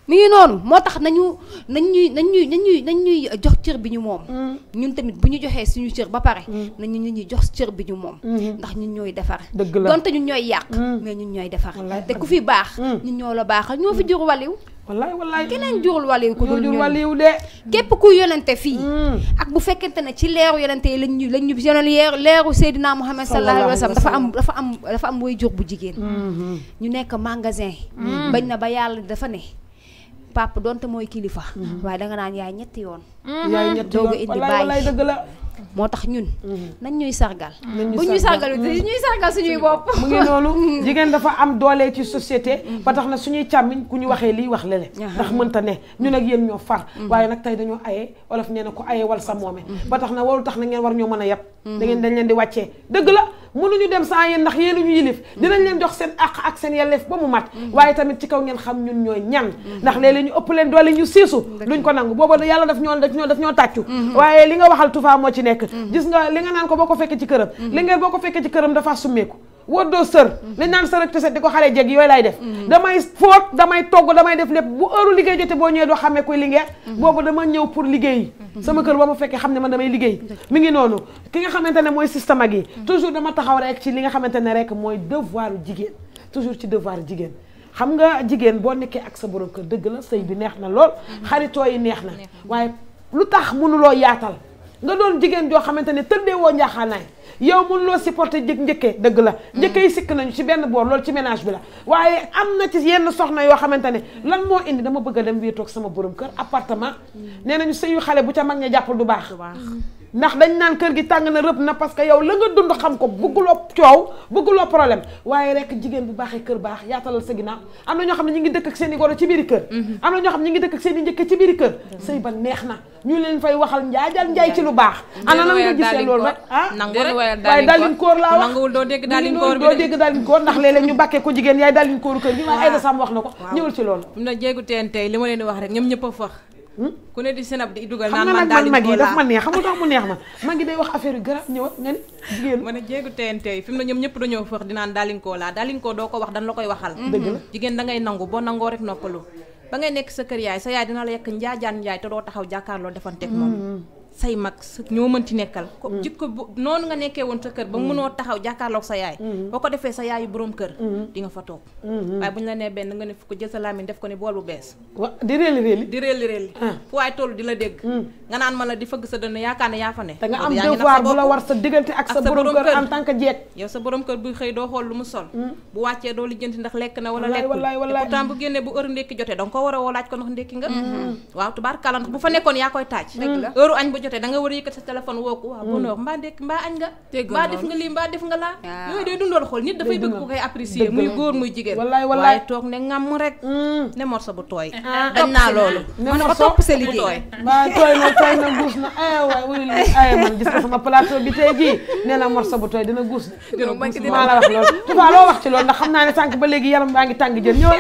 mi ngi noonu moo tax nañu nañ ñuy nañ ñuy nañ ñuy nañ ñuy jox cër bi ñu moom. ñun tamit bu ñu joxee suñu cër ba pare. nañ ñu ñuy jox cër bi ñu moom. Mm-hmm. ndax ñun ñooy defar. dëgg la donte ñun ñooy yàq. mais ñun ñooy defar. te ku fi baax. ñun ñoo la baaxal ñoo fi jur waliw wallaay wallaay keneen jurul waliw ko dul ñun waliw de. képp ku yonente fii. Hmm. ak bu fekkente ne ci leeru yonente yi lañ ñu lañ ñu yonal leeru Seydina Muhammad sallallahu alayhi wa sallam dafa am dafa am dafa am way jur bu jigéen. Hmm. ñu nekk magasin. Hmm. bañ na ba yàlla dafa ne. papa donte mooy kilifa. waaye danga naan yaay ñetti yoon. doogu indi bàyyi. moo tax ñun. Mm-hmm. nañ ñuy sargal. Mm-hmm. bu ñuy sargal bu mm-hmm. ñuy sargal suñuy bopp. mu ngi jigéen dafa am doole ci société. ba tax na suñuy càmmiñ ku ñu waxee lii wax lele. ndax mënta ne ñun ak yéen ñoo far. waaye nag tey dañoo aye olof nee na ko aye wal sa moome. ba tax na warul tax na ngeen war ñoo mën a yab. da ngeen dañ leen di wàccee dëgg la. mënuñu dem sans yéen ndax yéen ñu yilif dinañ leen jox seen àq ak seen yelleef ba mu mat waaye tamit ci kaw ngeen xam ñun ñooy ñan ndax léeg-léeg ñu ëpp leen doole ñu siisu duñ ko nangu booba yàlla daf ñoo daf ñoo daf ñoo tàccu waaye nekk mhm. gis nga li nga naan ko boo ko fekkee ci këram mhm. li ngeen boo ko fekkee ci këram dafa summeeku wóodoo sër mhm. li naan sër ak tiset di ko xale jeg yooyu lay def damay fóot damay togg damay def lépp bu heure liggéey jotee boo ñëwee doo xamee kuy liggéey boobu dama ñëw pour liggéey sama kër ba ma fekkee xam ne ma damay liggéey mi ngi noonu ki nga xamante ne mooy système ak yi toujours dama taxaw rek ci li nga xamante ne rek mooy devoir jigéen toujours ci devoir jigéen xam nga jigéen boo nekkee ak sa borom kër dëgg la sëy bi neex na lool xaritoo yi neex na waaye lu tax mënuloo yaatal nga doon jigéen joo xamante ne tëddee woo njaaxaanaay yow mun loo supporter jëkk njëkkee dëgg la mm. njëkke yi sikk nañu ci benn boor lool ci ménage bi la waaye am na ci yenn soxna yoo xamante ne lan moo indi dama bëgg a dem wéetoog sama borom kër appartement mm. nee nañu sëyu xale bu ca mag ña jàppal du baax mm. ndax dañ naan kër gi tàng na rëb na parce que yow la nga dund xam ko bëgguloo coow bëgguloo problème waaye rek jigéen bu baaxee kër baax yaatalal sa ginnaaw am na ñoo xam ne ñu ngi dëkk ak seen i goro ci biir mhm. na ñoo xam ne ñu ngi dëkk seen i mhm. lu baax ana nan nga gisee loolu rek ah waaye daalin koor laa wax nanguwul doo dégg daalin koor doo dégg daalin koor ndax léeg-léeg ñu bàkkee ko jigéen yaay daalin kooru kër gi waaye Aïda Samb wax na ko ñëwul ci loolu na jéegu teen tey li ma leen wax rek ñoom ñëpp fax Hmm? ku ne di sinab di dugal naan man daal mu neex ma mag yi day wax affaire yu garab ñëw nga ni jigéen ma ne jéegu TNT yi fi mu ñëpp dañoo fëx di naan daalinkoo laa daalinkoo doo ko wax dañ la koy waxal mm-hmm. dëgg la jigéen da ngay nangu boo nangoo rek noppalu ba ngay nekk sa kër yaay sa yaay dina la yekk njaajaan njaay te doo taxaw jàkkaarloo defanteeg moom mm-hmm. say mag ñoo mënti nekkal ko mm. jikko bu noonu nga nekkee woon sa kër ba mm. mënoo taxaw jàkkaarloog sa yaay mm. boo ko defee sa yaayu boroom kër di fa toog mm-hmm. waaye bu ñu la nee benn nga ne fu ko jël sa laamin def ko ne bool bu bees wa di réeli réeli di réeli réeli ah. fu waaye toll di la dégg nga naan ma la di fëgg sa dënn yaakaar ne yaa fa ne da nga am devoir bu la war sa diggante ak sa borom kër en tant que jeeg sa borom kër buy xëy doo xool lu mu sol bu wàccee doo lijjanti a jotee da war a yëkkat sa téléphone woo ko waaw bonheur mm. mbaa ndekk mbaa añ nga mbaa def nga lii mbaa def nga laa yooyu day dundool xool nit dafay bëgg ku koy apprécier muy góor muy jigéen wallaay toog ne ngàmm morso bu tooy ah, dañ naa na tooy na guus na ay eh, waay eh, na morso wax loolu tubaa loo wax ci loolu ndax xam naa ne sànq ba léegi yaram baa ngi tàng jël ñëwal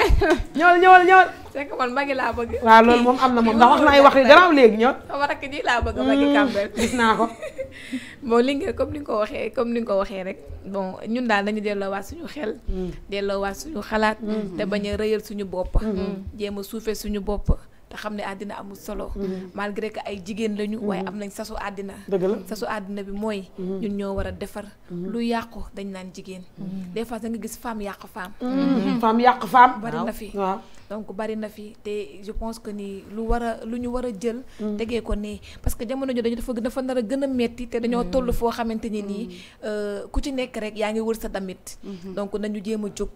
ñëwal ñëwal c'est que man magi laa bëgg. waaw loolu moom am na moom ndax wax na ay wax yu garaaw léegi ñoom. sama rakk ji laa bëgg magi Kambel. Hmm, gis naa ko. bon li nga comme ni nga ko waxee comme ni nga ko waxee rek bon ñun daal dañu delloowaat suñu xel. Hmm. delloowaat suñu xalaat. Hmm. te bañ a rëyal suñu bopp. jéem a suufee suñu bopp. te xam ne àddina amul solo. malgré ay jigéen lañu. waaye am nañ sasu àddina. dëgg la sasu àddina bi mooy. ñun ñoo war a defar. lu yàqu dañ naan jigéen. des fois da nga gis femme yàq femme. femme yàq femme. bari na fi donc bari na fi te je pense que ni lu war a lu ñu war a jël. Mm-hmm. tegee ko nii parce que jamono jooju dañu dafa dafa nar a gën a metti te dañoo mm-hmm. toll foo xamante ni nii mm-hmm. euh, ku ci nekk rek yaa ngi wër sa damit donc nañu jéem a jóg.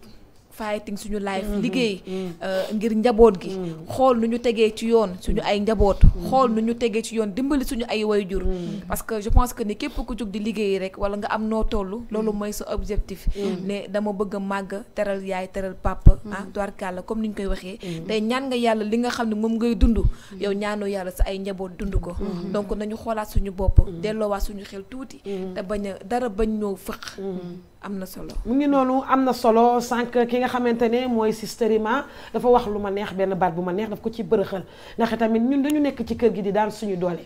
fighting suñu life mm-hmm. liggéey mm-hmm. Euh, ngir njaboot gi mm-hmm. xool nu ñu tegee ci yoon suñu ay njaboot xool nu ñu tegee ci yoon dimbali suñu ay wayjur parce que je pense que ni képp ko jóg di liggéey rek wala nga am noo tollu loolu mooy sa objectif ne dama bëgg a màgg teral yaay teral papa ah tubaarkàlla comme ni ñu koy waxee tey ñaan nga yàlla li nga xam ne moom ngay dund yow ñaanoo yàlla sa ay njaboot dund ko donc nañu xoolaat suñu bopp delloowaat suñu xel tuuti te bañ a dara bañ ñoo fëq am na solo mu ngi noonu am na solo sànq ki nga xamante ne mooy Sister Ima dafa wax lu ma neex benn baat bu ma neex daf ko ci bërëxal ndax tamit ñun dañu nekk ci kër gi di daan suñu doole.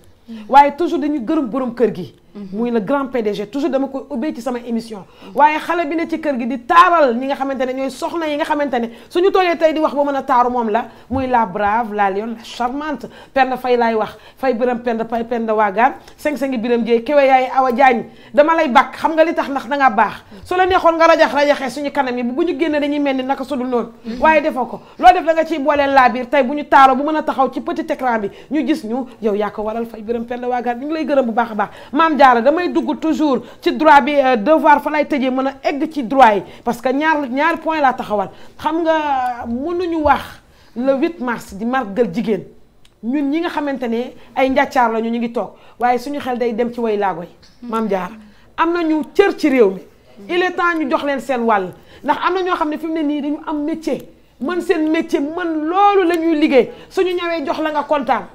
waaye toujours dañu gërëm boroom kër gi. Mhm. muy le grand PDG toujours dama koy ubbee ci sama émission. waaye xale bi ne ci kër gi di taaral ñi nga xamante ne ñooy soxna yi nga xamante ne ñu toolee tey di wax ba mën a taaru moom la muy la brave la lion la charmante. Penda Fay laay wax Fay biram Penda Fay Penda Waagaan seng sengi biram Jéy kewe yaay Awa Jaañ dama lay bakk xam nga li tax ndax da ngaa baax. Mhm. su la neexoon nga rajax rajaxee suñu kanam yi bu ñu génnee dañuy mel ni naka sudul noonu. Mhm. waaye defoo ko loo def da nga ciy booleel laa biir tey bu ñu taaroo bu mën a taxaw ci petit écran bi ñu gis ñu yow yaa ko gërëm fenn waa gaar ñu ngi lay gërëm bu baax baax maam jaara damay dugg toujours ci droit bi euh, devoir fa lay tëjee mën a egg ci droit yi parce que ñaar ñaari point laa taxawal xam nga mun na ñu wax le 8 mars di màggal jigéen ñun ñi nga xamante ne ay njàccaar la ñu ñu ngi toog waaye suñu xel day dem ci way laago yi maam jaara am na ñu cër ci réew mi il est temps ñu jox leen seen wàll ndax am na ñoo xam ne fi mu ne nii dañu am métier mën seen métier mën loolu la ñuy liggéey ñu ñëwee jox la nga kontaan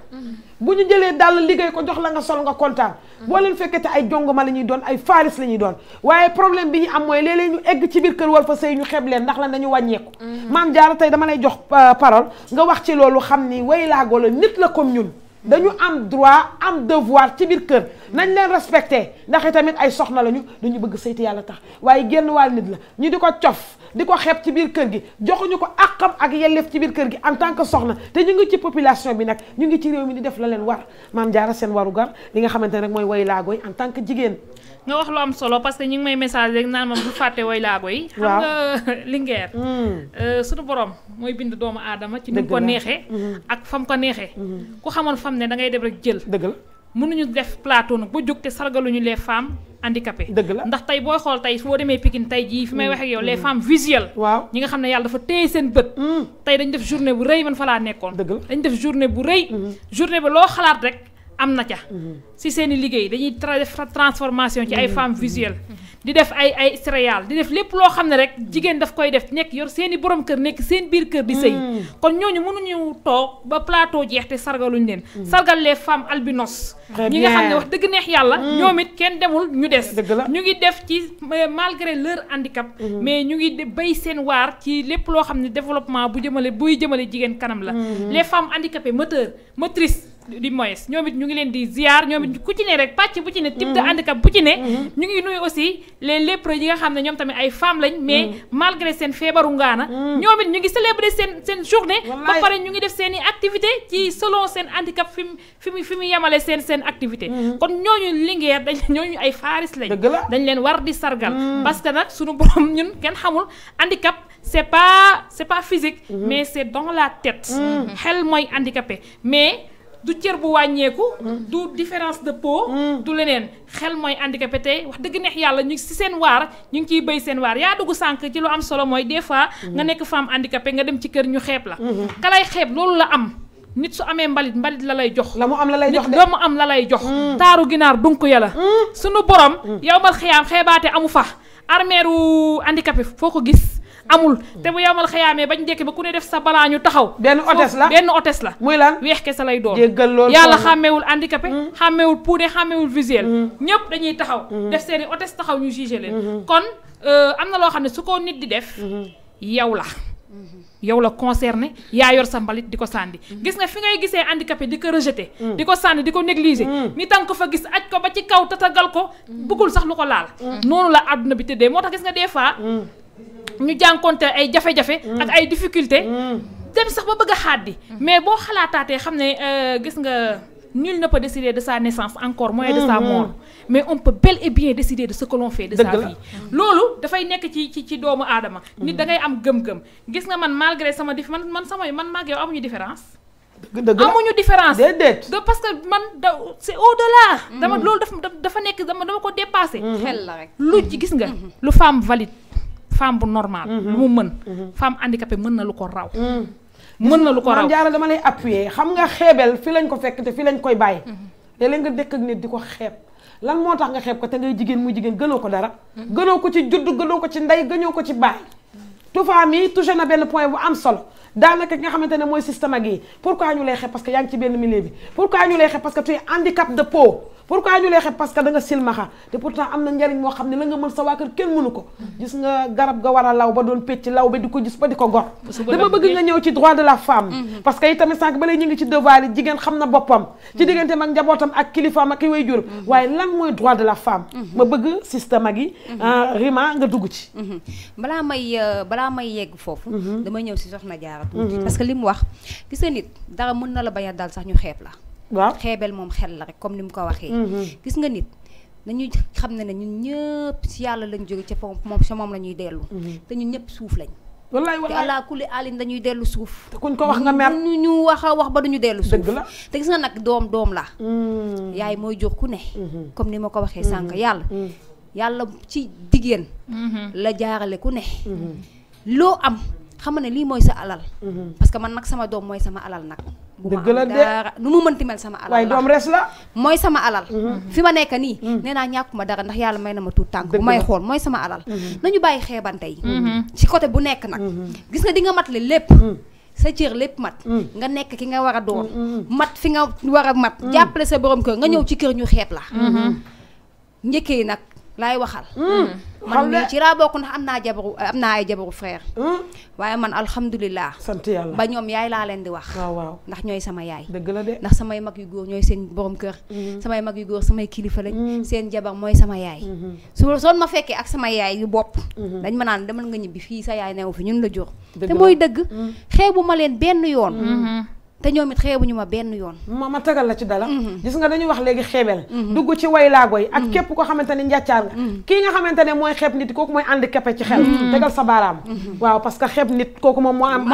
bu ñu jëlee dàll liggéey ko jox la nga sol nga kontaan. boo leen fekkee te ay jongoma la ñuy doon ay faaris la ñuy doon waaye problème bi ñu am mooy léeg-léeg ñu egg ci biir kër war fa sëy ñu xeb leen ndax lan dañu wàññeeku. Mm-hmm. maam jaara tey dama lay jox euh, parole nga wax ci loolu xam ni way laago la nit la comme ñun. dañu am droit am devoir ci biir kër nañ leen respecté ndax tamit ay soxna lañu dañu bëgg sëyti yàlla tax waaye génn wàll nit la ñu di ko cof di ko xeeb ci biir kër gi joxuñu ko àqam ak yelleef ci biir kër gi en tant que soxna te ñu ngi ci population bi nag ñu ngi ci réew mi di def la leen war maam jaara seen warugar li nga xamante ne mooy mooy way laagoy en tant que jigéen nga wax lu am solo parce que ñu ngi may message rek naan moom bu fàtte way laa yi. xam nga euh, lingeer. Hmm. Euh, suñu borom mooy bind doomu aadama. ci ni ko neexee. Hmm. ak fam ko neexee. Hmm. ku xamoon fam ne da ngay def rek jël. dëgg la mënuñu def plateau nag ba jóg te sargaluñu les femmes. handicapé dëgg la ndax tey booy xool tey boo demee Pikine tey jii fi may wax ak yow les femmes visuelles waaw ñi nga xam ne yàlla dafa téye seen bët tey dañ def journée bu rëy man fa laa nekkoon dëgg la def journée bu rëy journée ba loo xalaat rek am na ca mhm. si seeni liggéey dañuy def transformation ci ay mhm. femmes visuelles mhm. di def ay ay céréales di def lépp loo xam ne rek jigéen daf koy def nekk yor seeni i borom kër nekk seen biir kër di sëy kon ñooñu mënuñu toog ba plateau jeex te sargaluñ leen sargal lee femmes albinos ñi nga xam ne wax dëgg neex yàlla ñoom it kenn demul ñu des ñu ngi def ci euh, malgré leur handicap mais ñu ngi bay seen waar ci lépp loo xam ne développement bu jëmale buy jëmale jigéen kanam la les femmes handicapées moteurs motrices di moyes ñoom it ñu ngi leen di ziar ñoom it ku ci ne rek pàcc bu ci ne type de mm-hmm. handicap bu ci ne mm-hmm. ñu ngi nuyu aussi les lépreux yi nga xam ne ñoom tamit ay femmes lañ mais mm-hmm. malgré seen feebaru ngaana ñoom ñu ngi célébrer seen seen journée ba pare ñu ngi def seeni activité ci selon seen handicap fi mu fi mu fi mu yemale seen seen activité kon ñooñu Linguère dañ ñooñu ay faaris lañ dañ leen war di sargal mm. parce que nag suñu borom ñun kenn xamul handicap c'est pas c'est pas physique mais c'est dans la tête mm. xel mooy handicapé mais du cër bu wàññeeku. Mm. du différence de po mm. du leneen xel mooy handicapé tey wax dëgg neex yàlla ñu ngi si seen waar ñu ngi ciy béy seen waar yaa dugg sànq ci lu am solo mooy des fois. Mm-hmm. nga nekk femme handicapé nga dem ci kër ñu xeeb la. Mm-hmm. ka xeeb loolu la am. nit su amee mbalit mbalit la lay jox. la mu am la lay jox de am la lay jox. Mm. taaru ginaar dunk ya la. sunu borom. yow mal xiyaam xeebaate amu fa. armeeru handicapé foo ko gis. amul te bu yowmal xayaamee bañ dekk ba ku ne def sa balaa ñu taxaw benn hôtesse la benn hôtesse la muy lan weex kese lay doon jéggal loolu yàlla xàmmewul handicapé hmm. xàmmewul puude xàmmewul visuel hmm. ñëpp dañuy taxaw hmm. def seeni hôtesse taxaw ñu jugé leen kon euh, am na loo xam ne su ko nit di def yow la yow la concerné yaa yor sa mbalit di ko sànni gis nga fi ngay gisee handicapé di ko rejeté di ko sànni di ko négligé ni tànk ko fa gis aj ko ba ci kaw tatagal ko bëggul sax lu ko laal noonu la àdduna bi tëddee moo tax gis nga des fois ñu jànkonte ay jafe-jafe. Mm. ak ay difficulté mm. dem sax ba bëgg a xaaddi mm. mais boo xalaataatee xam ne euh, gis nga. nul ne peut décider de sa naissance encore moins de sa mm-hmm. mort mais on peut bel et bien décider de ce que l'on de sa vie loolu dafay nekk ci ci ci doomu aadama mm-hmm. nit da ngay am gëm-gëm gis nga man malgré sama dif man man sama man magge amuñu différence amuñu différence déedéet parce que man da c'est au-delà mm-hmm. dama loolu dafa dafa nekk dama dama ko dépassé xel la rek lu gis nga lu femme valide femme bu normal mhm. lu mu mën mhm. femme handicapée mën na lu ko raw mhm. mën na lu ko raw jaara dama lay appuyer xam nga xeebel fi lañ ko fekk te fi lañ koy bàyyi léeg-léeg nga dëkk ak nit di ko xeeb lan moo tax nga xeeb ko te ngay jigéen muy jigéen gënoo ko dara gënoo ko ci judd gënoo ko ci ndey gënoo ko ci baay tufaa mi touché na benn point bu am solo daanaka nga xamante ne mooy système ak yi pourquoi ñu lay xeeb parce que yaa ngi ñu lay xeeb parce que tu es handicap de peau pourquoi ñu lay xeeb parce que da silmaxa te pourtant am na njariñ moo xam ne la nga mën sa waa kër kenn mënu ko gis nga garab ga war a law ba doon pécc law ba di ko gis ba di ko gor dama bëgg nga ñëw ci droit de la femme mm-hmm. parce que itamit sànq ba lay jigéen xam na boppam ci mm-hmm. diggante mag njabootam ak kilifaam ak i way juram mm-hmm. waaye lan mooy droit de la femme ma bëgg système ak yi ah, rima nga dugg ci balaa may euh, balaa may yegg foofu dama ñëw si soxna jaar dara tuuti mhm. parce que li wax gis nga nit dara mën na la bañ a dal sax ñu xeeb la waaw xeebel moom xel la rek comme ni mu ko waxee mhm. gis nga nit nañu xam ne ne ñun ñëpp si yàlla lañ jóge ca fo moom sa moom la ñuy dellu mhm. te ñun ñëpp suuf lañ wallaay wallaay te allah kulli alin dañuy dellu suuf. te kuñ ko wax nga mer ñu ñu wax wax ba dañu dellu suuf. la te gis nga nag doom doom la. yaay mooy jox ku ne. comme ni ma ko waxee sànq yàlla. yàlla ci jigéen. la jaarale ku ne. loo am. xam nga ne lii mooy sa alal. Mhm. parce que man nag sama doom mooy sama alal nag. dëgg ma dara nu mu mënti sama alal. doom res la. mooy sama alal. Mhm. fi ma nekk nii. Mhm. nee naa ñàkkuma dara ndax yàlla may na ma tuut tànk bu may xool mooy sama alal. ñu bàyyi xeebante yi. ci côté bu nekk nag. gis nga di nga matale lépp. sa cër lépp mat nga nekk ki nga war a doon mat fi nga war a mat jàppale sa borom kër nga ñëw ci kër ñu xeeb la njëkkee nag laay waxal. Mm. Mm. man mii ci laa bokk ndax am naa jabaru am naa ay jabaru frère. Mm. waaye man alhamdulilah. sant yàlla ba ñoom yaay laa leen di wax. ndax ñooy sama yaay. dëgg la ndax samay mag yu góor ñooy seen boroom kër. samay mag yu góor samay kilifa lañ. seen jabar mooy sama yaay. Mm-hmm. su soon ma fekkee ak sama yaay yu bopp. Mm-hmm. dañ ma naan demal nga ñibbi fii sa yaay newu fi ñun la jur. te mooy dëgg. xeebu leen benn yoon. Mm-hmm. te ñoom it ñu ma benn yoon ma ma tegal la ci dala mm-hmm. gis nga dañuy wax léegi xeebel mm-hmm. dugg ci way laago yi ak mm-hmm. képp ko xamante ne njàccaar nga kii nga xamante ne mooy xeeb nit kooku mooy handicapé ci xel tegal sa baaraam waaw parce que xeeb nit kooku moom moo am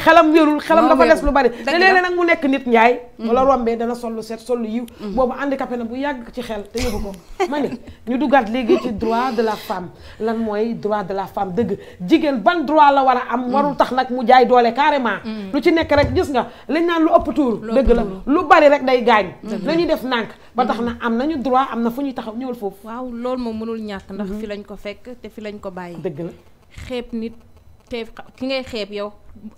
xelam wérul xelam dafa des lu bari te léeg-léeg nekk nit njaay wala rombee dana sollu seet sollu yiw boobu handicapé na bu yàgg ci xel te yóbbu ko ma ni ñu duggaat léegi ci droit de la femme lan mooy droit de la femme dëgg jigéen ban droit la war a am warul tax nag mu jaay doole carrément lu ci nekk rek gis nga lañ naan lu ëpp tuuru dëgg la lu bari rek day gaañ nañu def nànk ba tax na am nañu droit am na fu ñuy taxaw ñëwal foofu waaw loolu moom mënul ñàkk ndax mhm. fi lañ ko fekk te fi lañ ko bàyyi dëgg la xeeb nit xeeb ki ngay xeeb yow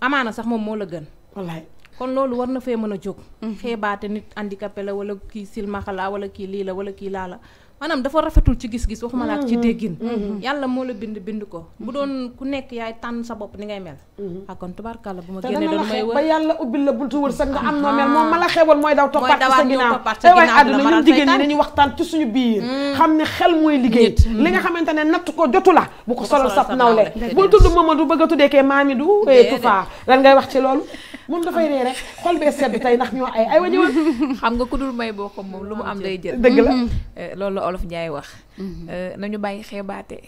amaana sax moom moo la gën wallaay kon loolu war na fee mën a jóg mhm. xeebaate nit handicapé la wala kii silmaxa la wala kii lii la wala kii laa la maanaam dafa rafetul ci gis-gis waxuma laa ci mm-hmm. déggin mm-hmm. yàlla moo la bind bind ko bu mm-hmm. doon ku nekk yaay tànn sa bopp ni ngay mel ah, kon tubaarkàlla bu ma génnee doon may ba yàlla ubbil la buntu wër sax nga am noo mel ah. moom ma la xewal mooy daw toppaat ci sa ginnaaw eh waaye àdduna ñun jigéen ñi dañuy waxtaan ci suñu biir mm. xam ne xel mooy liggéey mm. li nga xamante ne natt ko jotu la bu ko solal sab nawle bul tudd Mamadou bëgg a tuddee kee Maamidou eh, Toufa lan ngay wax ci loolu moom dafay ree rek xol bee sedd tey ndax ñoo ay ay wa ñëwal xam nga ku dul may boo xam moom lu mu am day jël dëgg la mm-hmm. eh, loolu la olof Njaay wax mm-hmm. eh, nañu bàyyi xeebaate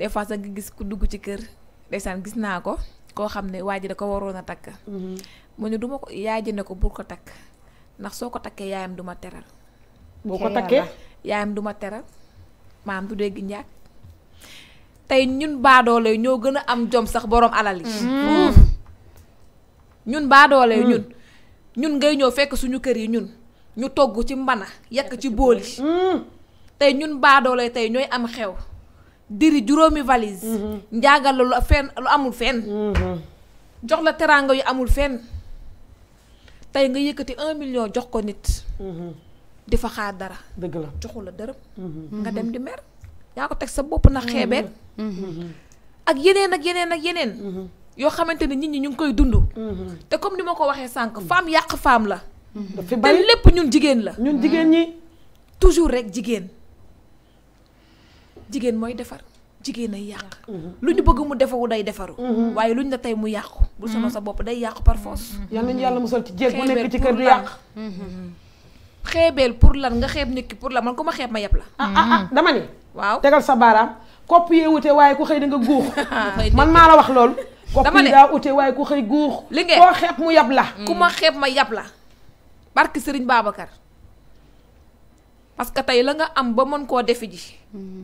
des fois sax gis ku dugg ci kër ndeysaan gis naa ko koo xam ne waa ji da ko waroon a takk mm-hmm. mu ne duma ko yaay ji ne ko bul ko takk ndax soo ko takkee yaayam du ma teral boo ko takkee yaayam duma ma teral maam du dégg njaag tey ñun baadoole ñoo gën a am jom sax boroom alal yi ñun baadoole hmm. ñun ñun ngay ñëw fekk suñu kër yi ñun ñu togg ci mbana yakk ci bool hmm. tey ñun baadoole tey ñooy am xew diri juróomi valise hmm. njaagal la lu fenn lu amul fenn jox la teraanga yu amul fenn tey nga yëkkati un million jox ko nit di fa xaar dara dëgg joxu la dërëm nga dem di mer yaa ko teg sa bopp na xeebeen ak yeneen ak yeneen ak yeneen yoo xamante ne nit ñi ñu ngi koy dund. Mm-hmm. te comme ni ma ko waxee sànq femme yàq femme la. Mm-hmm. dafa bari te lépp ñun jigéen la. ñun jigéen ñi. Mm-hmm. toujours rek jigéen jigéen mooy defar jigéen ay yàq. lu ñu bëgg mu defawu day defaru. waaye luñ la tey mu yàqu. bu sama sa bopp day yàqu par force. yal ñu yàlla musal ci jéeg bu nekk ci kër di yàq. xeebeel pour lan nga xeeb nit ki pour lan man ku ma xeeb ma yeb la. ah ah, ah dama ni. waaw tegal sa baaraam. kopp yee wute waaye ku xëy da nga góox man maa wax loolu. dama ne daa ute waaye ku xëy guux. li ngeen koo xeeb mu yab la. ku ma xeeb ma yab la. barki Serigne Babacar parce que tey la nga am ba mën koo defee ji. Mm-hmm.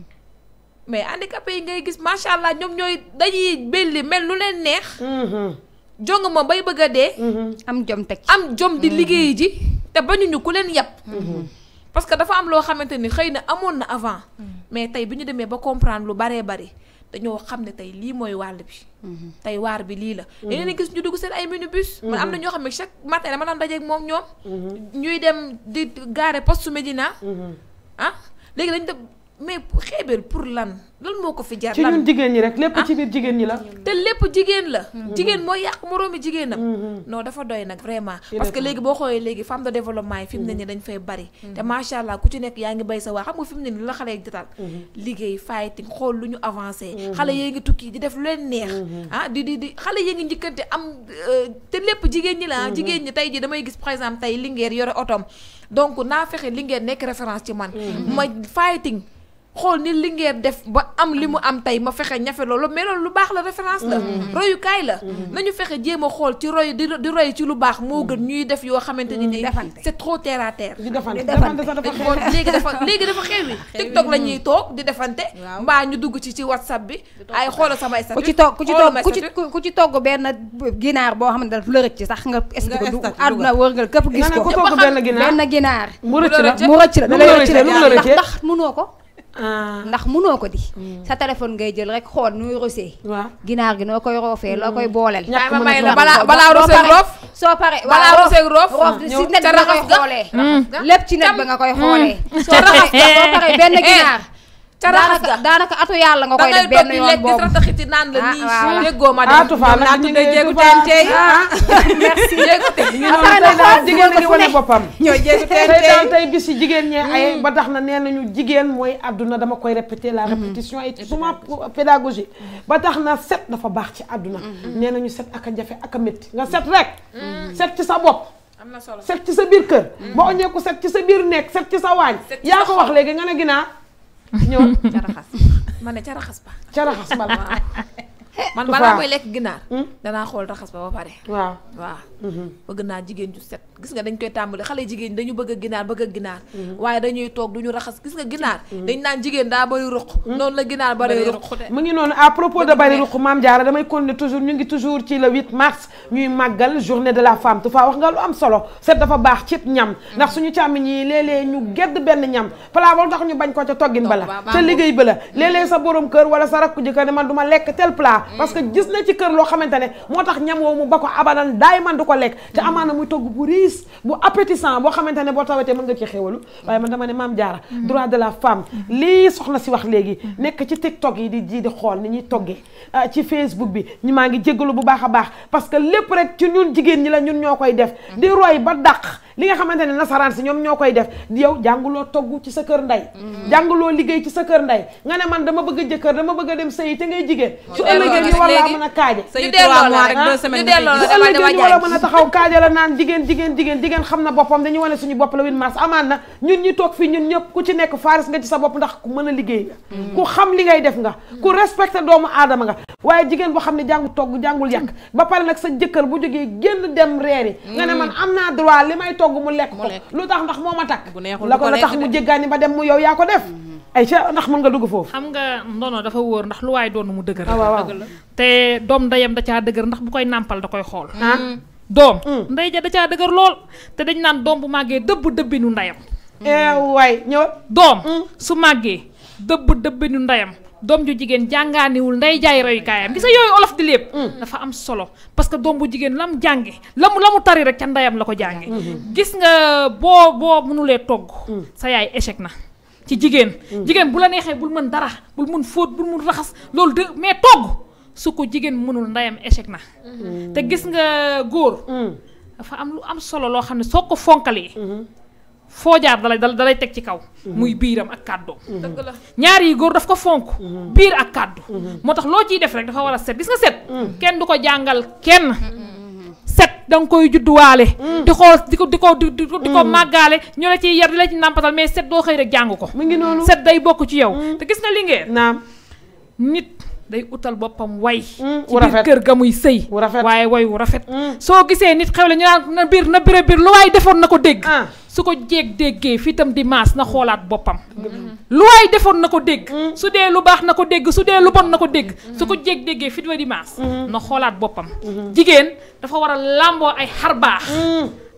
mais handicapé yi ngay gis macha allah ñoom ñooy dañuy belli mel lu leen neex. Mm-hmm. jong ma bay bëgg a dee. Mm-hmm. am jom teg am jom di liggéey ji te bañuñu ku leen yab. parce que dafa am loo xamante ni xëy na amoon na avant. mais tey bi ñu demee ba comprendre lu baree bari. dañoo xam ne tey lii mooy wàll bi mhm. tey waar bi lii la léeg-léeg mhm. na gis ñu dugg seen ay minibus man am na mhm. ñoo xam ne chaque matin dama daan dajeeg moom ñoom ñuy dem di gaare poste Médina ah léegi dañ def mais xeebeel pour lan lan moo ko fi jar ci ñun jigéen ñi rek lépp ah? jigéen ñi la te lépp jigéen la mhm. jigéen mooy yàq moroomi jigéenam mhm. non dafa doy nag vraiment parce que léegi boo xoolee léegi femme de développement yi fi mu ne nii mhm. dañ fay bari te macha allah ku ci nekk yaa ngi bay sa waa xam nga fi mu ne nii la xale yi jotaal liggéey fighting xool lu ñu avancé xale yee ngi tukki di def leen neex ah di di di xale yee ngi njëkkante am euh, te lépp jigéen ñi la jigéen ñi tey ji damay gis par exemple tey Linguère yore otom donc naa fexe Linguère nekk référence ci man ma fighting xool ni lingeer def ba am li mu am tey ma fexe ñafe loolu mais loolu lu baax la référence la mm-hmm. royukaay la mm-hmm. na ñu fexe jéem a xool ci roy di di roy ci lu baax moo gën ñuy def yoo xamante ni mm-hmm. ni c'est trop terre à terre di defante léegi dafa léegi dafa xewi TikTok la ñuy toog di defante mbaa ñu dugg ci ci WhatsApp bi ay xoola samay statut ku ci toog ku ci toog ku ci togg benn ginaar boo xam ne daf la sax nga est du àdduna wërngal këpp gis ko benn ginaar mu rëcc la mu rëcc la da lay rëcc ndax mënoo ko Ah. ndax munoo ko di. Hmm. sa téléphone ngay jël rek xool nuy rosé. waaw ginaar gi noo koy roofee loo koy hmm. booleel. ñàkk ma may balaa balaa rosé roof. soo paree balaa rosé roof. si hmm. net nga koy xoolee. lépp ci net ba koy xoolee. soo paree benn eh. ginaar. ca raxas ga daanaka atu yàlla nga koy def benn yoon boobu da ngay naan la ah, nii. déggoo ma dem naa tuddee jéegu teen tey ah, ah. merci jéegu teen jigéen ngi wane boppam ñoo jéegu teen tey daal tey bis yi jigéen ñee ay hmm. ba tax na nee nañu jigéen mooy àdduna dama koy répéter la hmm. répétition est souvent euh, pédagogique hmm. ba tax na set dafa baax ci àdduna nee ñu set ak jafe ak a métti nga set rek set ci sa bopp am na solo set ci sa biir kër ba oñeeku set ci sa biir nekk set ci sa waañ yaa ko wax léegi nga ne ginnaaw ñëwal ca raxas ma ne ca raxas ba. ca raxas ma la Eh, man balaa may lekk ginaar hmm? danaa xool raxas ba ba pare waaw waaw mm-hmm. bëgg naa jigéen ju set gis nga dañ koy tàmbali xale jigéen dañu bëgg a ginaar bëgg a ginaar mm-hmm. waaye dañuy toog duñu raxas gis nga ginaar mm-hmm. dañ naan jigéen daa bari ruq noonu la ginaar bari ruq mu ngi noonu à propos bari ruq maam Diarra damay continuer toujours ñu ngi toujours ci le 8 mars ñuy màggal journée de la femme Tufa wax nga lu am solo set dafa baax cib ñam ndax suñu càmmiñ yi léeg ñu gedd benn ñam plat ba tax ñu bañ ko ca toggin ba la ca liggéey ba la léeg-léeg sa borom kër wala sa rakku jëkkër ne man du ma lekk tel plat parce que gis na ci kër loo xamante ne moo tax ñam woo mu ba ko abadan daay man du ko lekk te amaana muy togg bu riis bu appétissant boo xamante ne boo tawatee mën nga ci xéwalu waaye man dama ne maam jaara droit de la femme lii soxna si wax léegi nekk ci tiktok yi di jii di xool ni ñuy toggee ah, ci facebook bi ñu maa ngi jéggalu bu baax a baax parce que lépp rek ci ñun jigéen ñi la ñun ñoo koy def di roy ba daq li nga xamante ne nasaraan si ñoom ñoo koy def yow jànguloo togg ci sa kër ndey mm. jànguloo liggéey ci sa kër ndey nga ne man dama bëgg a jëkkër dama bëgg a dem sëyi te ngay jigéen ah, su ëllëgee ñu war mën a a mën a taxaw kaaje la naan jigéen jigéen jigéen jigéen xam na boppam dañu wane suñu bopp la win mars amaan na ñun ñi toog fii ñun ñëpp ku ci nekk faaris nga ci sa bopp ndax ku mën a liggéey nga mm. ku xam li ngay def nga ku mm. respecté doomu aadama nga waaye jigéen boo xam ne jàngul togg jàngul yàq ba pare nag sa jëkkër bu jógee génn dem reeri nga ne man am naa may togg togg mu lekk ko lu tax ndax moo ma takk la ko la tax mu jéggaani ba dem mu yow yaa ko def mm-hmm. ay ca ndax mën nga dugg foofu xam nga ndono dafa wóor ndax lu waay doon mu dëgër ah, te doom ndeyam da caa dëgër ndax bu koy nàmpal da koy xool ah? Ah? doom mm. ndey ja da caa dëgër lool te dañ naan doom bu màggee dëbb dëbbinu ndeyam eh, waay ñëw doom mm. su màggee dëbb dëbbinu ndeyam doom ju jigéen jàngaaniwul nday jaay royukaayam gis nga yooyu olof di lépp mm. dafa am solo parce que doom bu jigéen la mu jàngi lamu mu la mu tari rek ca ndeyam la ko jàngi mm-hmm. gis nga boo boo mënulee togg mm. sa yaay échec na ci jigéen mm. jigéen bu la neexee bul mën dara bul mën fóot bul mën raxas loolu de mais togg su ko jigéen mënul ndayam échec na mm-hmm. te gis nga góor dafa am lu am solo loo xam ne soo ko fonkalee mm-hmm. foo jaar dalay dalay teg ci kaw. Mhm. muy biiram ak kàddu. Mhm. dëgg la ñaar yi góor daf ko fonk. Mhm. biir ak kàddu. moo tax loo ciy def rek dafa war a set gis nga set. kenn du ko jàngal kenn. set da nga koy judduwaale. di ko di ko di ko di ko màggaale ñu la ciy yar di la ci nàmpatal mais set doo xëy rek jàng ko. mu ngi noonu set day bokk ci yow. te gis nga li ngeen. nit. day utal boppam way mm, ci biir kër ga muy sëy waaye way wu rafet mm. soo gisee nit xew la ñu naan na biir na biir biir lu waaye defoon na ko dégg ah. su ko jéeg déggee fi itam di maas na xoolaat boppam mm. defoon na ko dégg su dee lu baax na ko dégg su dee lu na ko dégg su ko jéeg déggee fit wa di na xoolaat boppam jigéen dafa war a làmboo ay xar baax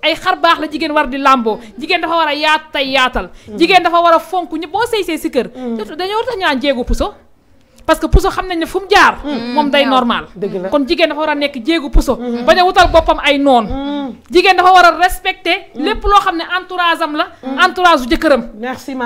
ay xar baax la jigéen war di làmboo jigéen dafa war a yaat tey yaatal jigéen dafa war a fonk ñëpp boo sëy see si kër dañoo tax ñaan jéegu puso parce que puso xam nañ ne fu mu jaar hmm. Hmm. moom day normal kon jigéen dafa war a nekk jéegu puso hmm. bañ a wutal boppam ay noon jigéen dafa war a respecter lépp loo xam ne entourage am la entourage u jëkkëram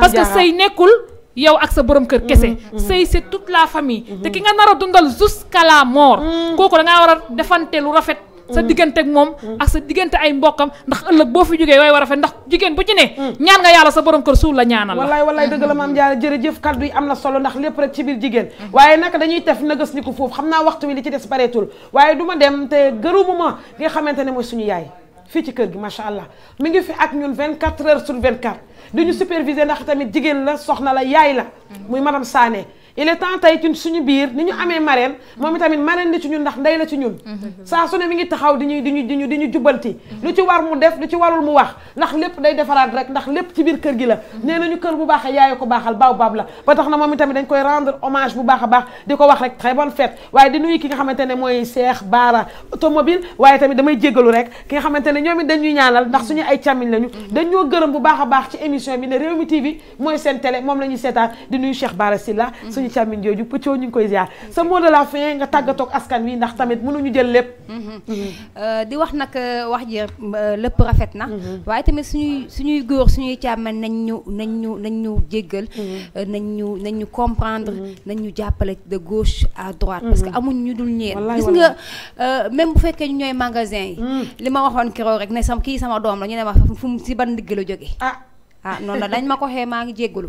parce que sëy nekkul yow ak sa borom kër kese sëy c'est tout la famille te ki nga nar a dundal jusqu'à la mort kooku da ngaa war a defante lu rafet sa mm. diggante moom mm. ak sa diggante ay mbokkam ndax ëllëg boo fi jógee waay war a fe ndax jigéen bu ci ne mm. ñaan nga yàlla sa borom kër suul la ñaanal walaay walaay dëgg la maam Diarra jërëjëf kaddu yi am na solo ndax lépp rek ci biir jigéen waaye nag dañuy tef nagas ni ko foofu xam naa waxtu wi li ci des bareetul waaye du ma dem te gërëmuma li nga xamante ne mooy suñu yaay fii ci kër gi macha allah mi ngi fi ak ñun 24 heures sur 24 di ñu superviser ndax tamit jigéen la soxna la yaay la muy madame Sané il est temps tey ci suñu biir ni ñu amee marraine moom itamit marraine la ci ñun ndax ndey la ci ñun saa su ne mi ngi taxaw di ñuy di ñu di ñu di ñu jubbanti lu ci war mu def lu ci warul mu wax ndax lépp day defaraat rek ndax lépp ci biir kër gi la nee nañu kër bu baaxee yaaye ko baaxal baaw baab la ba tax na moom itamit dañ koy rendre hommage bu baax a baax di ko wax rek très bonne fête waaye di nuyu ki nga xamante ne mooy Cheikh Bara automobile waaye tamit damay jéggalu rek ki nga xamante ne ñoom it dañuy ñaanal ndax suñu ay càmmiñ lañu dañoo gërëm bu baax a baax ci émission bi ne Rewmi TV mooy seen télé la ñuy seetaan di nuyu Cheikh Bara Sylla suñu càmmiñ jooju pëccoo ñu ngi koy ziar sa mot de la fin nga tàggatoog askan wi ndax tamit mënuñu jël lépp mhm. euh, di wax nag euh, wax ji euh, lépp rafet na mhm. waaye tamit suñuy suñuy góor suñuy càmmiñ nañ ñu nañ ñu nañ ñu jéggal mhm. nañ ñu nañ ñu comprendre nañ ñu jàppale de gauche à droite parce que amuñ ñu dul ñeent gis nga même bu fekkee ñu ñooy magasin yi li ma waxoon kiroo rek ne sa kii sama doom la ñu ne ma fu mu si ban digg la jóge ah ah noonu la dañ ma ko xee maa ngi jéggalu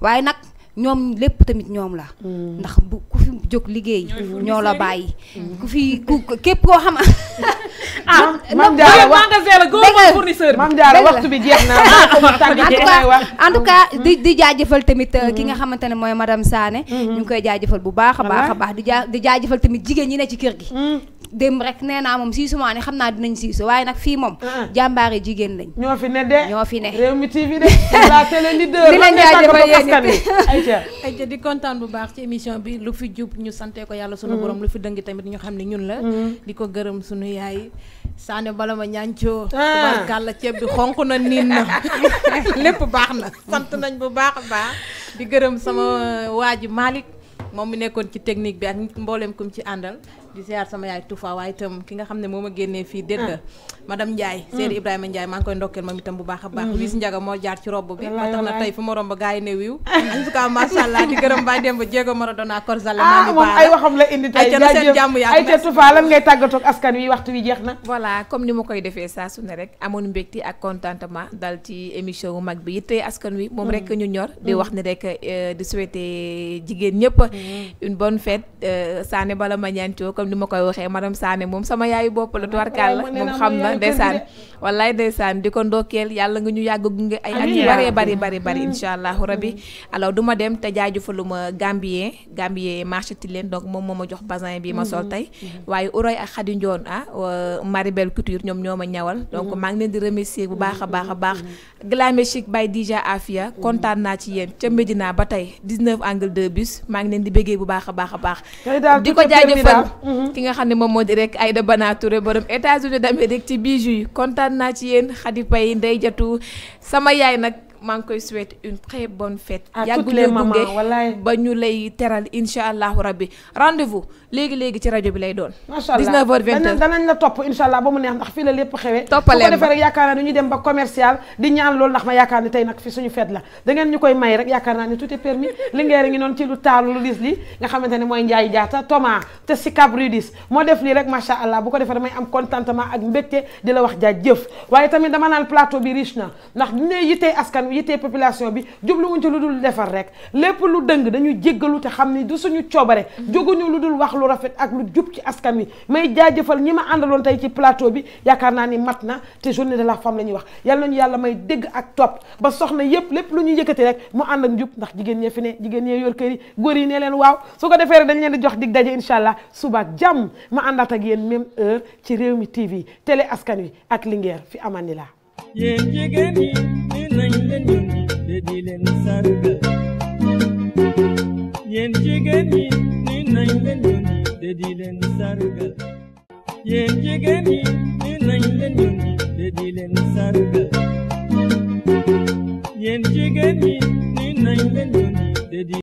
waaye nag ñoom lépp tamit ñoom la. Mm. ndax bu ku fi jóg liggéey. ñoo la bàyyi. Mm. ku fi ku képp koo xam. ah Mame Diarra wax fournisseur mm. di di jaajëfal tamit euh, ki nga xamante ne mooy madame Sané. Mm-hmm. ñu koy jaajëfal bu baax a baax a baax di jaa di jaajëfal tamit jigéen ñi ne ci kër gi. démb rek nee naa moom siisu maa ne xam naa dinañ siisu waaye nag fii moom. jàmbaare jigéen lañ. ñoo fi ne de ñoo fi ne. Rewmi TV de Aïcha Aïcha di kontaan bu baax ci émission bi lu fi jub ñu sante ko yàlla sunu mm. borom lu fi dëng tamit ñu xam ne ñun la mm. di ko gërëm sunu yaay saane bala ma ñaancoo ah. tubaarkàlla ceeb bi xonq na niin na lépp baax na sant nañ bu baax a baax di gërëm sama waa ji moom mu nekkoon ci technique bi ak mboolem kum ci àndal di ziar sama yaay Toufa waaye itam ki nga xam ne moo ma génnee fii dédd ah. madame Ndiaye mm. Seydou Ibrahima Ndiaye maa ngi koy ndokkeel moom itam bu baax a baax mm-hmm. wiis njaga moo jaar ci robb bi ma tax na tey fu ma romb gars yi ne wiiw en tout cas macha allah di gërëm ah, ay waxam la indi tey jàmm yaa ay ca Toufa ngay tàggatoo askan wi waxtu wi jeex na voilà comme ni ma koy defee saa su ne rek amoon mbégte ak contentement dal ci émission bu mag bi yittee askan wi moom rek mm. ñu ñor di mm. comme ni ma koy waxee madame Sané moom sama yaayu bopp la ah, tubarkàlla moom xam na ndeysaan wallaay ndeysaan di ko ndokkeel yàlla nga ñu yàgg gunge ay at yu bari bari bari bari incha allahu rabi alors du ma dem te fa lu ma Gambien Gambien marché Tilène donc moom moo ma jox basin bii ma sol mhm. tey mhm. waaye Uroy ak Khady Ndione ah euh, Maribel Couture ñoom ñoo ma ñawal mhm. donc maa ngi leen di remercier bu baax a baax a baax Glamé Chic by Dija Afia kontaan naa ci yéen ca Médina ba tey 19 angle 2 bus maa ngi leen di béggee bu baax a baax a baax Mhm. ki nga xam ne moom moo di ay da Bana Touré borom États-Unis d'Amérique ci bijoux yi kontaan naa ci yéen Khady Paye Ndeye Jatou sama yaay nag maa ngi koy souhaiter une très bonne fête. à toutes les ba ñu lay teral incha allahu rabbi rendez léegi léegi ci rajo bi lay doon. macha allah 19h 20 danañ la topp incha allah ba mu neex ndax fii la lépp xewee. toppale ma bu ko defee rek yaakaar naa ne ba commercial di ñaan loolu ndax ma yaakaar ne tey nag fi tout est permis li a ngi noonu ci lu taalu lu dis li nga xamante ne mooy Ndiaye Diatta Thomas te si Cabridis moo def lii rek macha allah bu ko defee damay am contentement ak mbégte di la wax jaajëf waaye tamit bi riche na yittee population bi jubluwuñ ci lu dul defar rek lépp lu dëng dañu jéggalu te xam ni du suñu coobare jóguñu lu dul wax lu rafet ak lu jub ci askan wi may jaajëfal ñi ma àndaloon tey ci plateau bi yaakaar naa ni mat na te journée de la femme la ñuy wax yal nañu yàlla may dégg ak topp ba soxna yépp lépp lu ñuy yëkkati rek mu àndak ak njub ndax jigéen ñee fi ne jigéen ñee yor kër yi góor yi ne leen waaw su ko defee rek dañ leen di jox dig daje incha allah suba ak jàmm ma àndaat ak yéen même heure ci Rewmi TV télé askan wi ak Linguère fi amani nañ leen yónni te di leen sargal nañ leen yónni te di leen sargal yéen jigéen ñi nañ leen yónni te di leen